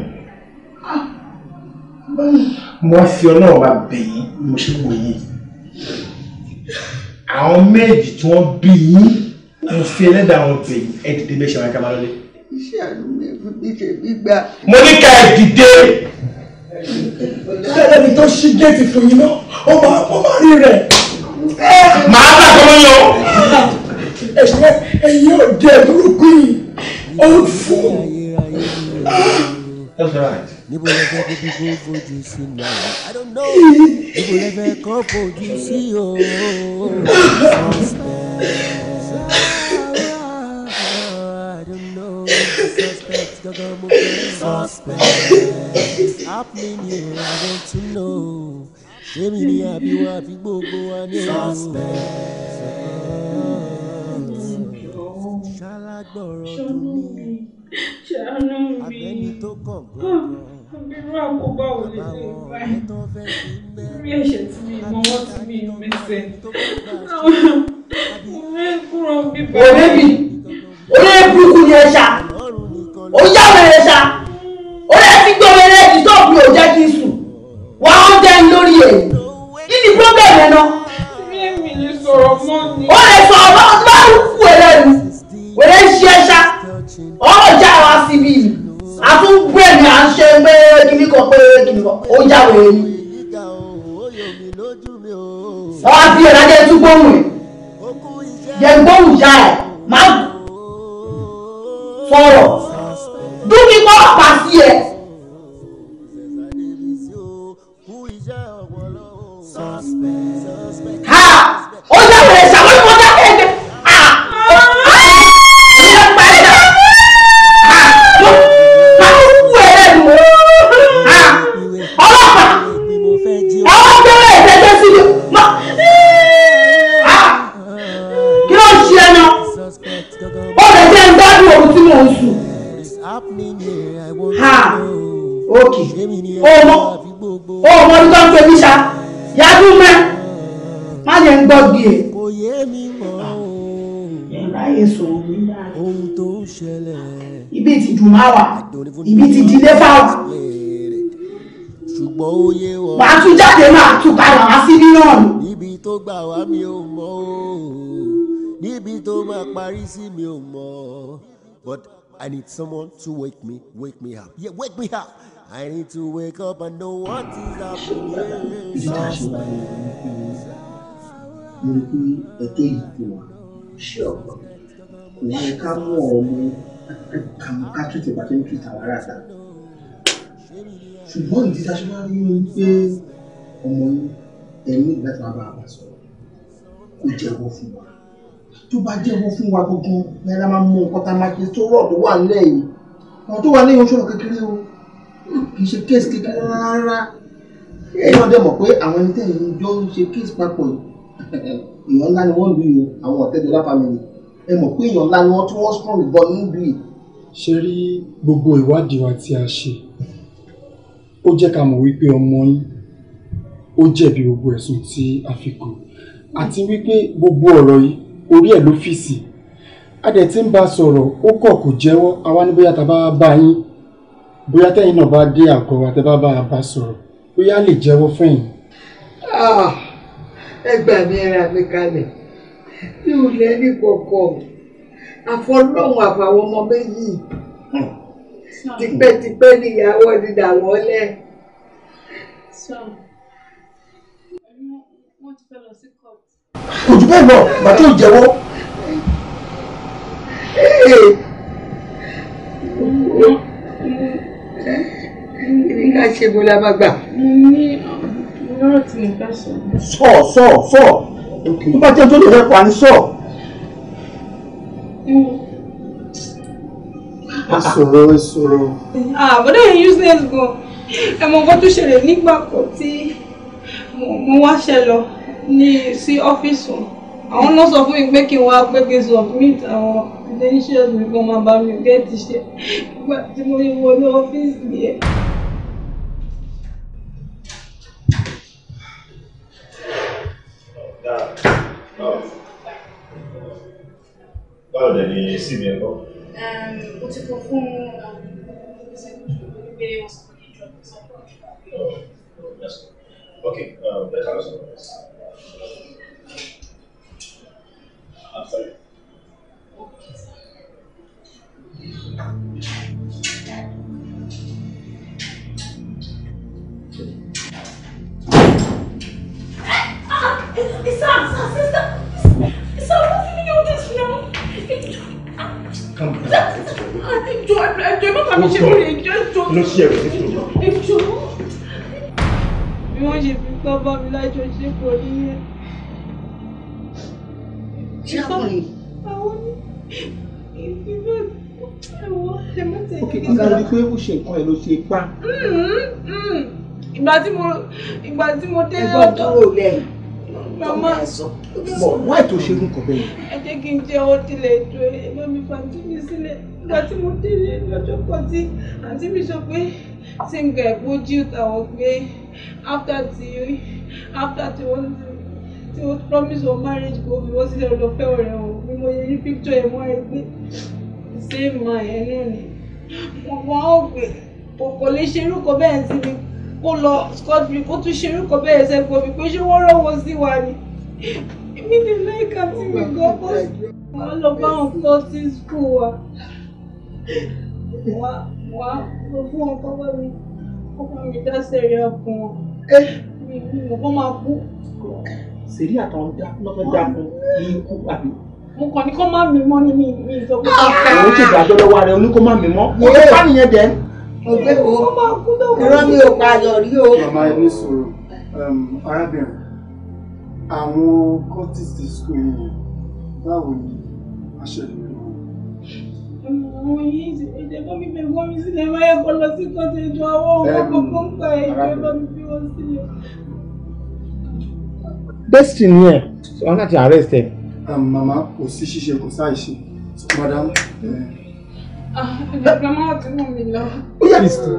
B: mo fi ọlọ́run bá bẹ̀yìn mo ṣe wòye àwọn méjì tí wọ́n bí yín mo fi ẹlẹ́dàá àwọn pè yín ẹ dìde bẹ́ẹ̀ ṣe wáyé lé. iṣẹ́
D: àlùmí fi ṣe gbígbà. mo ní ká ẹ dìde.
C: ẹlẹ́ni tó ṣí géètì fún yín náà ó máa ó
B: máa rí rẹ̀.
A: màá bá kọ́ lọ.
B: ẹ̀ṣẹ̀ ẹ̀yin ò jẹ́ burúkú yìí ó
A: ń fún. That's right níbo lẹ fẹ́ kó bíbó fojú sí náà níbo lẹ fẹ́ kó fojú sí o. suspect, go go move suspect. Happening here, I want to know. Ṣé mi ni àbí wá fi gbogbo wa ní ìlú? Ṣálágbọ̀rọ̀ tó ní.
D: Ṣàánú mi. Abẹ́ni tó kàn gbọ́dọ̀. Abirú àkóbá ò lè ṣe báyìí. Orí ẹ̀ṣẹ̀ tí mi mọ wọ́n ti mi mẹsẹ̀. Mo fẹ́ kúrò bíbá. Òwe mi, olóyè burúkú ni ẹ ṣá ó yá wẹ̀rẹ̀ ṣá ó lè ti gbọ́ wẹ̀rẹ̀ ẹ̀dì tó bí ò jẹ́ kí n sùn wà á ń lórí ẹ̀ kí ni problem ẹ̀ náà.
B: mi ni sọ̀rọ̀
D: mọ́ ni. ó lè sọ̀rọ̀ mọ́ bá ń kú wẹ̀rẹ̀ wẹ̀rẹ̀ ń ṣe ẹ̀ṣá ọ̀rọ̀ já wa síbi yìí àtúngbẹ̀ ni à ń ṣe pé kíní kan pé kíní kan ó já wẹ̀rẹ̀ ni.
C: wọ́n á ti ìrajẹ́ tún
D: gbóhùn ẹ̀ yẹ gbóhùn já ẹ̀ má sọ̀rọ̀ wọ́n pa sí ẹ. ìbí di lẹ́fà ọ̀tún. ṣùgbọ́n
A: ó yé wọn. màá tún jáde máa tún padà wá síbí náà ni. níbi tó gbà wá mi ò mọ ooo níbi tó máa parí sí mi ò mọ but I need someone to wake me wake me up yeah wake me up I need to wake up and know what is
C: happening kàmú ká tù tìpá tó ń tù tàwọn ará ta
A: ṣùgbọ́n ìdí tá a ṣe máa ń rí
C: o pé ọmọ yín ẹni láti máa bá a bá sọ̀rọ̀ kó jẹ́wọ́ fún wa tó bá jẹ́wọ́ fún wa gbogbo náírà máa mú nǹkan tá a máa ṣe tó rọ̀ tó wà nílẹ̀ yìí àwọn tó wà ní ìyọ̀n ṣọ̀rọ̀ kékeré o kì í ṣe kéèsì kékeré rárá ẹ̀yin náà mọ̀ pé àwọn ẹni tẹ̀yìn jọ ṣe kéèsì papọ̀ ìyọ̀n ni wọ́n lù yìí àwọn ọ̀tẹ́dọ̀lá ẹ mọ̀ pé èèyàn ńlá ni wọ́n tí wọ́n strong gan nílùú yìí. ṣe rí gbogbo ìwádìí wa tí a ṣe ó jẹ́ ká mọ̀ wípé ọmọ yín ó jẹ̀bi gbogbo ẹ̀sùn tí a fi kàn àti wípé gbogbo ọ̀rọ̀ yìí orí ẹ̀ ló fìsì a dẹ̀ ti ń bá a sọ̀rọ̀ ó kọ̀ kò jẹ́wọ́ àwa ní bóyá tá a bá bá yín bóyá tẹ́yìn náà bá dé àgọ́ wa tẹ́ bá bá a bá sọ̀rọ̀ bóyá lè jẹ́wọ́ fẹ́yìn.
D: Ah, ẹ gbà mí kalẹ̀ mi ò lẹ́ni kọ̀ọ̀kan àfọlọ́hún àfàwọn ọmọ méjì tipẹ́tipẹ́ níyàwó dídà wọ́n lẹ̀. kò jù bẹ́ẹ̀ lọ bàtà ò jẹ́wọ́. kí ká ṣe bó la máa gbà. mo ní ọ̀rọ̀ tí mo fẹ́ sọ. sọ sọ sọ tó bá jẹ́ tó lè rẹpa ní sọ. ẹ sọ̀rọ̀ ẹ sọ̀rọ̀. àbúrò ah, yẹn useless gan ẹ mọ bó tó ṣẹlẹ̀ nígbà kan tí mo wáṣẹ lọ ní sí ọ́fíìsì àwọn náà sọ fún mi pé kí n wá pé kí n submit àwọn credentials mi kan máa bá mi gẹ́ẹ̀tì ṣe nígbà tí mo wọlé ọ́fíìsì yẹn. Oh.
C: báwo dẹ̀ ni sí mi ẹ̀kọ́.
D: mo ti kọ fún um, ìbéèrè wọn sọ pé kí n jọ sọ pé kí n bá a bí.
B: Okay, uh, that also works. I'm sorry. Okay.
D: ló ṣe ẹ̀rọ sí tó. ẹjọ́ bí wọ́n ṣe fi gbọ́ bá mi lájọṣepọ̀ nìyẹn. ṣé àwọn ni. àwọn ni ìfífẹ́ ẹ̀wọ̀ ẹ̀ má tẹ̀lé. òkè kíkà ló ìgbà tí mo dé ọ̀dọ̀. ẹgbẹ́ ọ̀dọ́ ò lẹ́yìn. Màmá bọ̀ wá ètò ìṣègùn kan bẹ́ẹ̀. Ẹ jẹ́ kí n jẹ́ ọwọ́ tilẹ̀ ètò ẹ̀gbọ́n mi fàájì mi sílẹ̀. Ìgbà tí mo délé lọ́jọ́ kan tí àǹtí mi sọ pé tí n gà ẹ̀gbọ́n jí àwọn pé after ti after ti wọ́n ti tí wọ́n promise wọn marriage kò fi wọ́n sílẹ̀ lọ fẹ́ ọ̀rẹ́ o bí mo yẹ rí picture ẹ̀ wọ́n á gbé same man ẹ̀ náà ni. Mo mọ̀ ọ́ pé kò lè ṣerú kan bẹ́ẹ̀ sí mi kó lọ Scotland kó tún ṣe orúkọ bẹ́ẹ̀ ṣe gbọ́ mi pé ṣé wọ́n rọ́wọ́ sí wa ni èmi ni láìka tí mi gan kó wọ́n lọ bá wọn kọ́ sí skul wa wá wá lọ fún wọn kọ́ bá mi kọ́ bá mi dá sẹ́rí àkùn wọn mi ò kọ́ máa kú. sèrí àtàwọn dá lọ́fẹ́ dá fún
C: ikú àbí
D: mo kàn ní kó má mi mọ́ ní mi ìsọ̀kúta. òun
C: ti gbàjọ lọ́wọ́ rẹ̀ oníkó má mi mo lè bá nìyẹn
D: o irọ́ mi ò
C: payọ̀ rí o. màmá ẹ ní sùúrù arábìnrin àwọn cultist school
D: yìí báwo ni a ṣe lè lọ. àwọn yìí ìṣèjọba kọ́ mi fẹ́ gbọ́ mi sílẹ̀ máa yẹ kó lọ sí kọ́tà ìjọ àwọn ọkọ̀ kọ̀ọ̀kan ń pa ìjọ ẹ bá mi fi wọ́n
C: destiny ẹ wọn láti arrest ẹ. màmá kò sí ṣíṣe kò sáì ṣe madam. Eh,
D: Bàbá máa ti mú mi lọ. Ó yà sísè.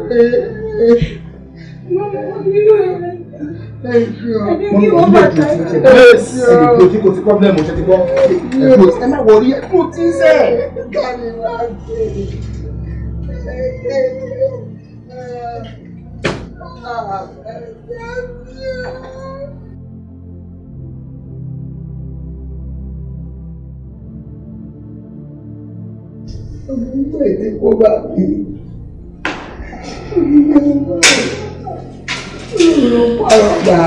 D: Mọ́mọ́ nínú ẹ̀rẹ́. Mọ́mọ́ nínú ẹ̀rẹ́. Ẹ̀rọ
C: tí kò sí pọ́blẹ́mù ṣe ti gbọ́. Ẹ má wọrí ẹkún tí ń sẹ́. Káàní máa ń gbé.
D: Ah, thank you. Àbúrò èdè kó bá mi. Olùrò pàrọ̀gbà.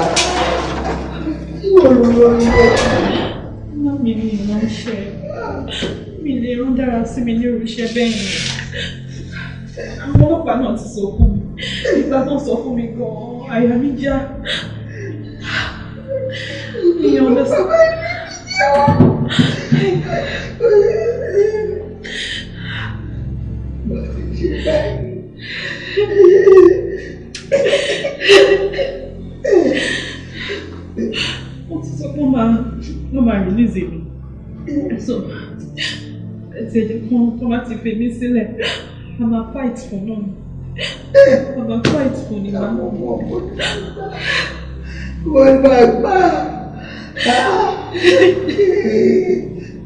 D: Olùrò ilé. Má mi ní ìránṣẹ́. Mi lè rán dára sí mi ní oríṣẹ́ bẹ́ẹ̀ yẹn. Àwọn ọlọ́pàá náà ti sọ fún mi. Ìgbà tó já. Mi ò lọ sí. sọ̀rọ̀ ẹ̀sẹ̀ ẹ̀jẹ̀ kan tó bá a máa fight fún náà a fight fún ni máa. wọ́n máa gbà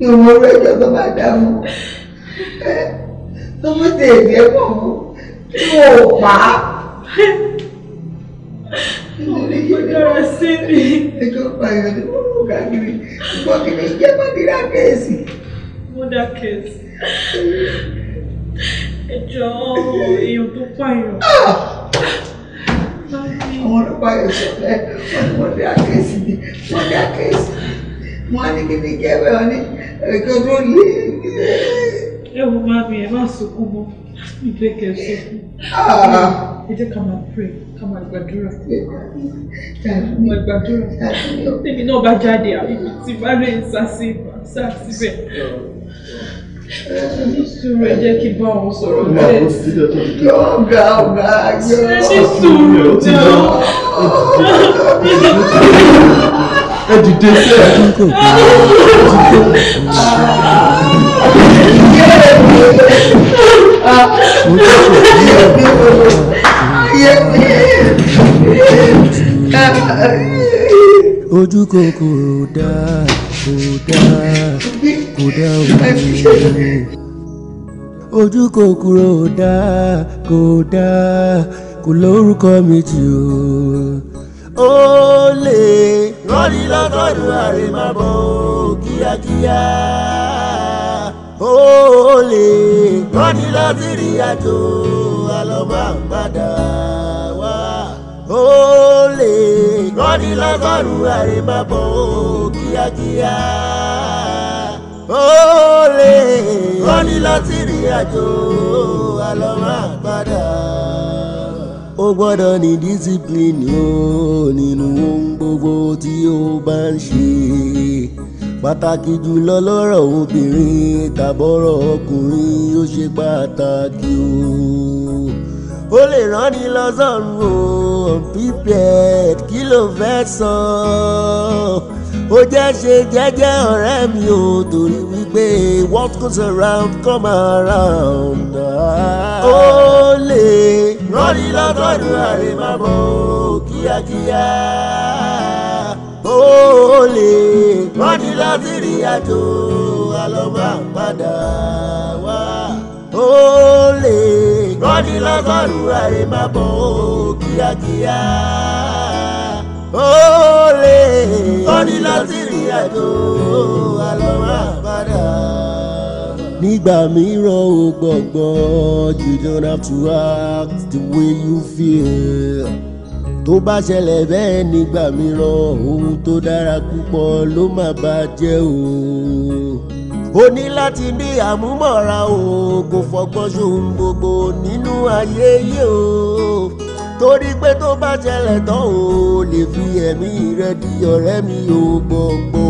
D: ìwọ̀n rẹ̀ jọ tó bá dààmú ọmọ tèmi ẹ̀kọ́ mú yọrọ sí mi. ẹjọ́ pààyàn ni wọ́n mú káàkiri wọ́n kì í jẹ́ pàkìrà kẹ́ẹ̀sì. mọ́dà kẹ́ẹ̀sì ẹjọ́ èèyàn tó pààyàn. Ah! àwọn ọlọ́pàá yóò sọ pé wọ́n ní mọ́dà kẹ́ẹ̀sì ni mọ́dà kẹ́ẹ̀sì wọ́n á ní kí ni kẹ́ẹ̀wé wọn ní ẹjọ́ tó lé. ẹ wo máa mi ẹ má sunkún mọ́ mi jẹ́ kẹ́ ẹ sọ fún mi ẹ jẹ́ ká pray Come and gbàdúrà máa gbàdúrà tèmi náà bá jáde àbí mi ti bá rẹ̀ ń sá sí sá síbẹ̀ sùúrù ẹ jẹ́ kí n bá wọn sọ̀rọ̀
A: bẹ́ẹ̀.
D: ọ̀gá ọ̀gá yóò. ẹ ṣe sùúrù jẹ́ o.
A: ẹ dìde sí ẹ. Ah. ẹ dìde. Ah ojú kòkòrò dáa kò dáa kò dáa òun ojú kòkòrò dáa kò dáa kò lórúkọ méjì o ó lè rọ́ọ̀lì lọ́gọ́dù àrèmábọ̀ kíákíá olè tọ́ni láti rí àjò àlọ́mà ń padà wá olè tọ́ni lọ́gọ́rùn àrè má bọ̀ ó kíákíá olè tọ́ni láti rí àjò àlọ́mà ń padà gbọ́dọ̀ ní discipline o nínú ohun gbogbo tí ó bá ń ṣe pàtàkì jùlọ lọ́rọ̀ obìnrin tàbọ̀rọ̀ ọkùnrin ó ṣe pàtàkì o ó lè ránni lọ sọ́run o unprepared kí ló fẹ́ sọ ó jẹ́ ṣe jẹ́jẹ́ ọ̀rẹ́ mi o torí wípé what goes around come around ó lè ránni lọ sọ́run àrèmábọ̀ kíákíá olè wọ́n ní láti rí àjò àlọ́mà padà wá olè wọ́n ní lọ́sọ̀rọ̀ àrè má bọ̀ kíákíá olè wọ́n ní láti rí àjò àlọ́mà padà nígbà mìíràn ó gbọ̀ngbọ̀n you don't have to act the way you feel tó bá ṣẹlẹ̀ bẹ́ẹ̀ nígbà mìíràn ohun tó dára púpọ̀ ló má bàjẹ́ o. o ní láti ní àmúmọ̀ra o kò fọgbọ́n ṣohun gbogbo nínú ayé yìí o torí pé tó bá ṣẹlẹ̀ tán o lè fi ẹ̀mí rẹ di ọ̀rẹ́ mi o gbogbo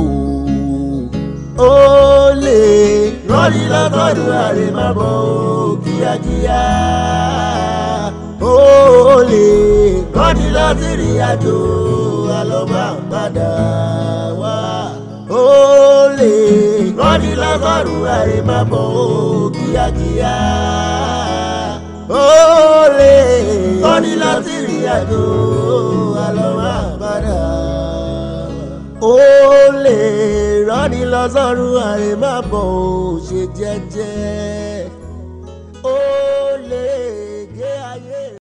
A: o. ó lè rọ́ọ̀lì lọ́gọ́dún àrèmábọ̀ kíákíá olè kọ́ni láti rí àjò àlọ́bà padà wá olè kọ́ni lásàrù àrèmábọ̀ kíákíá olè kọ́ni láti rí àjò àlọ́bà padà olè rọ́ni lásàrù àrèmábọ̀ ṣe jẹ́jẹ́
D: olè.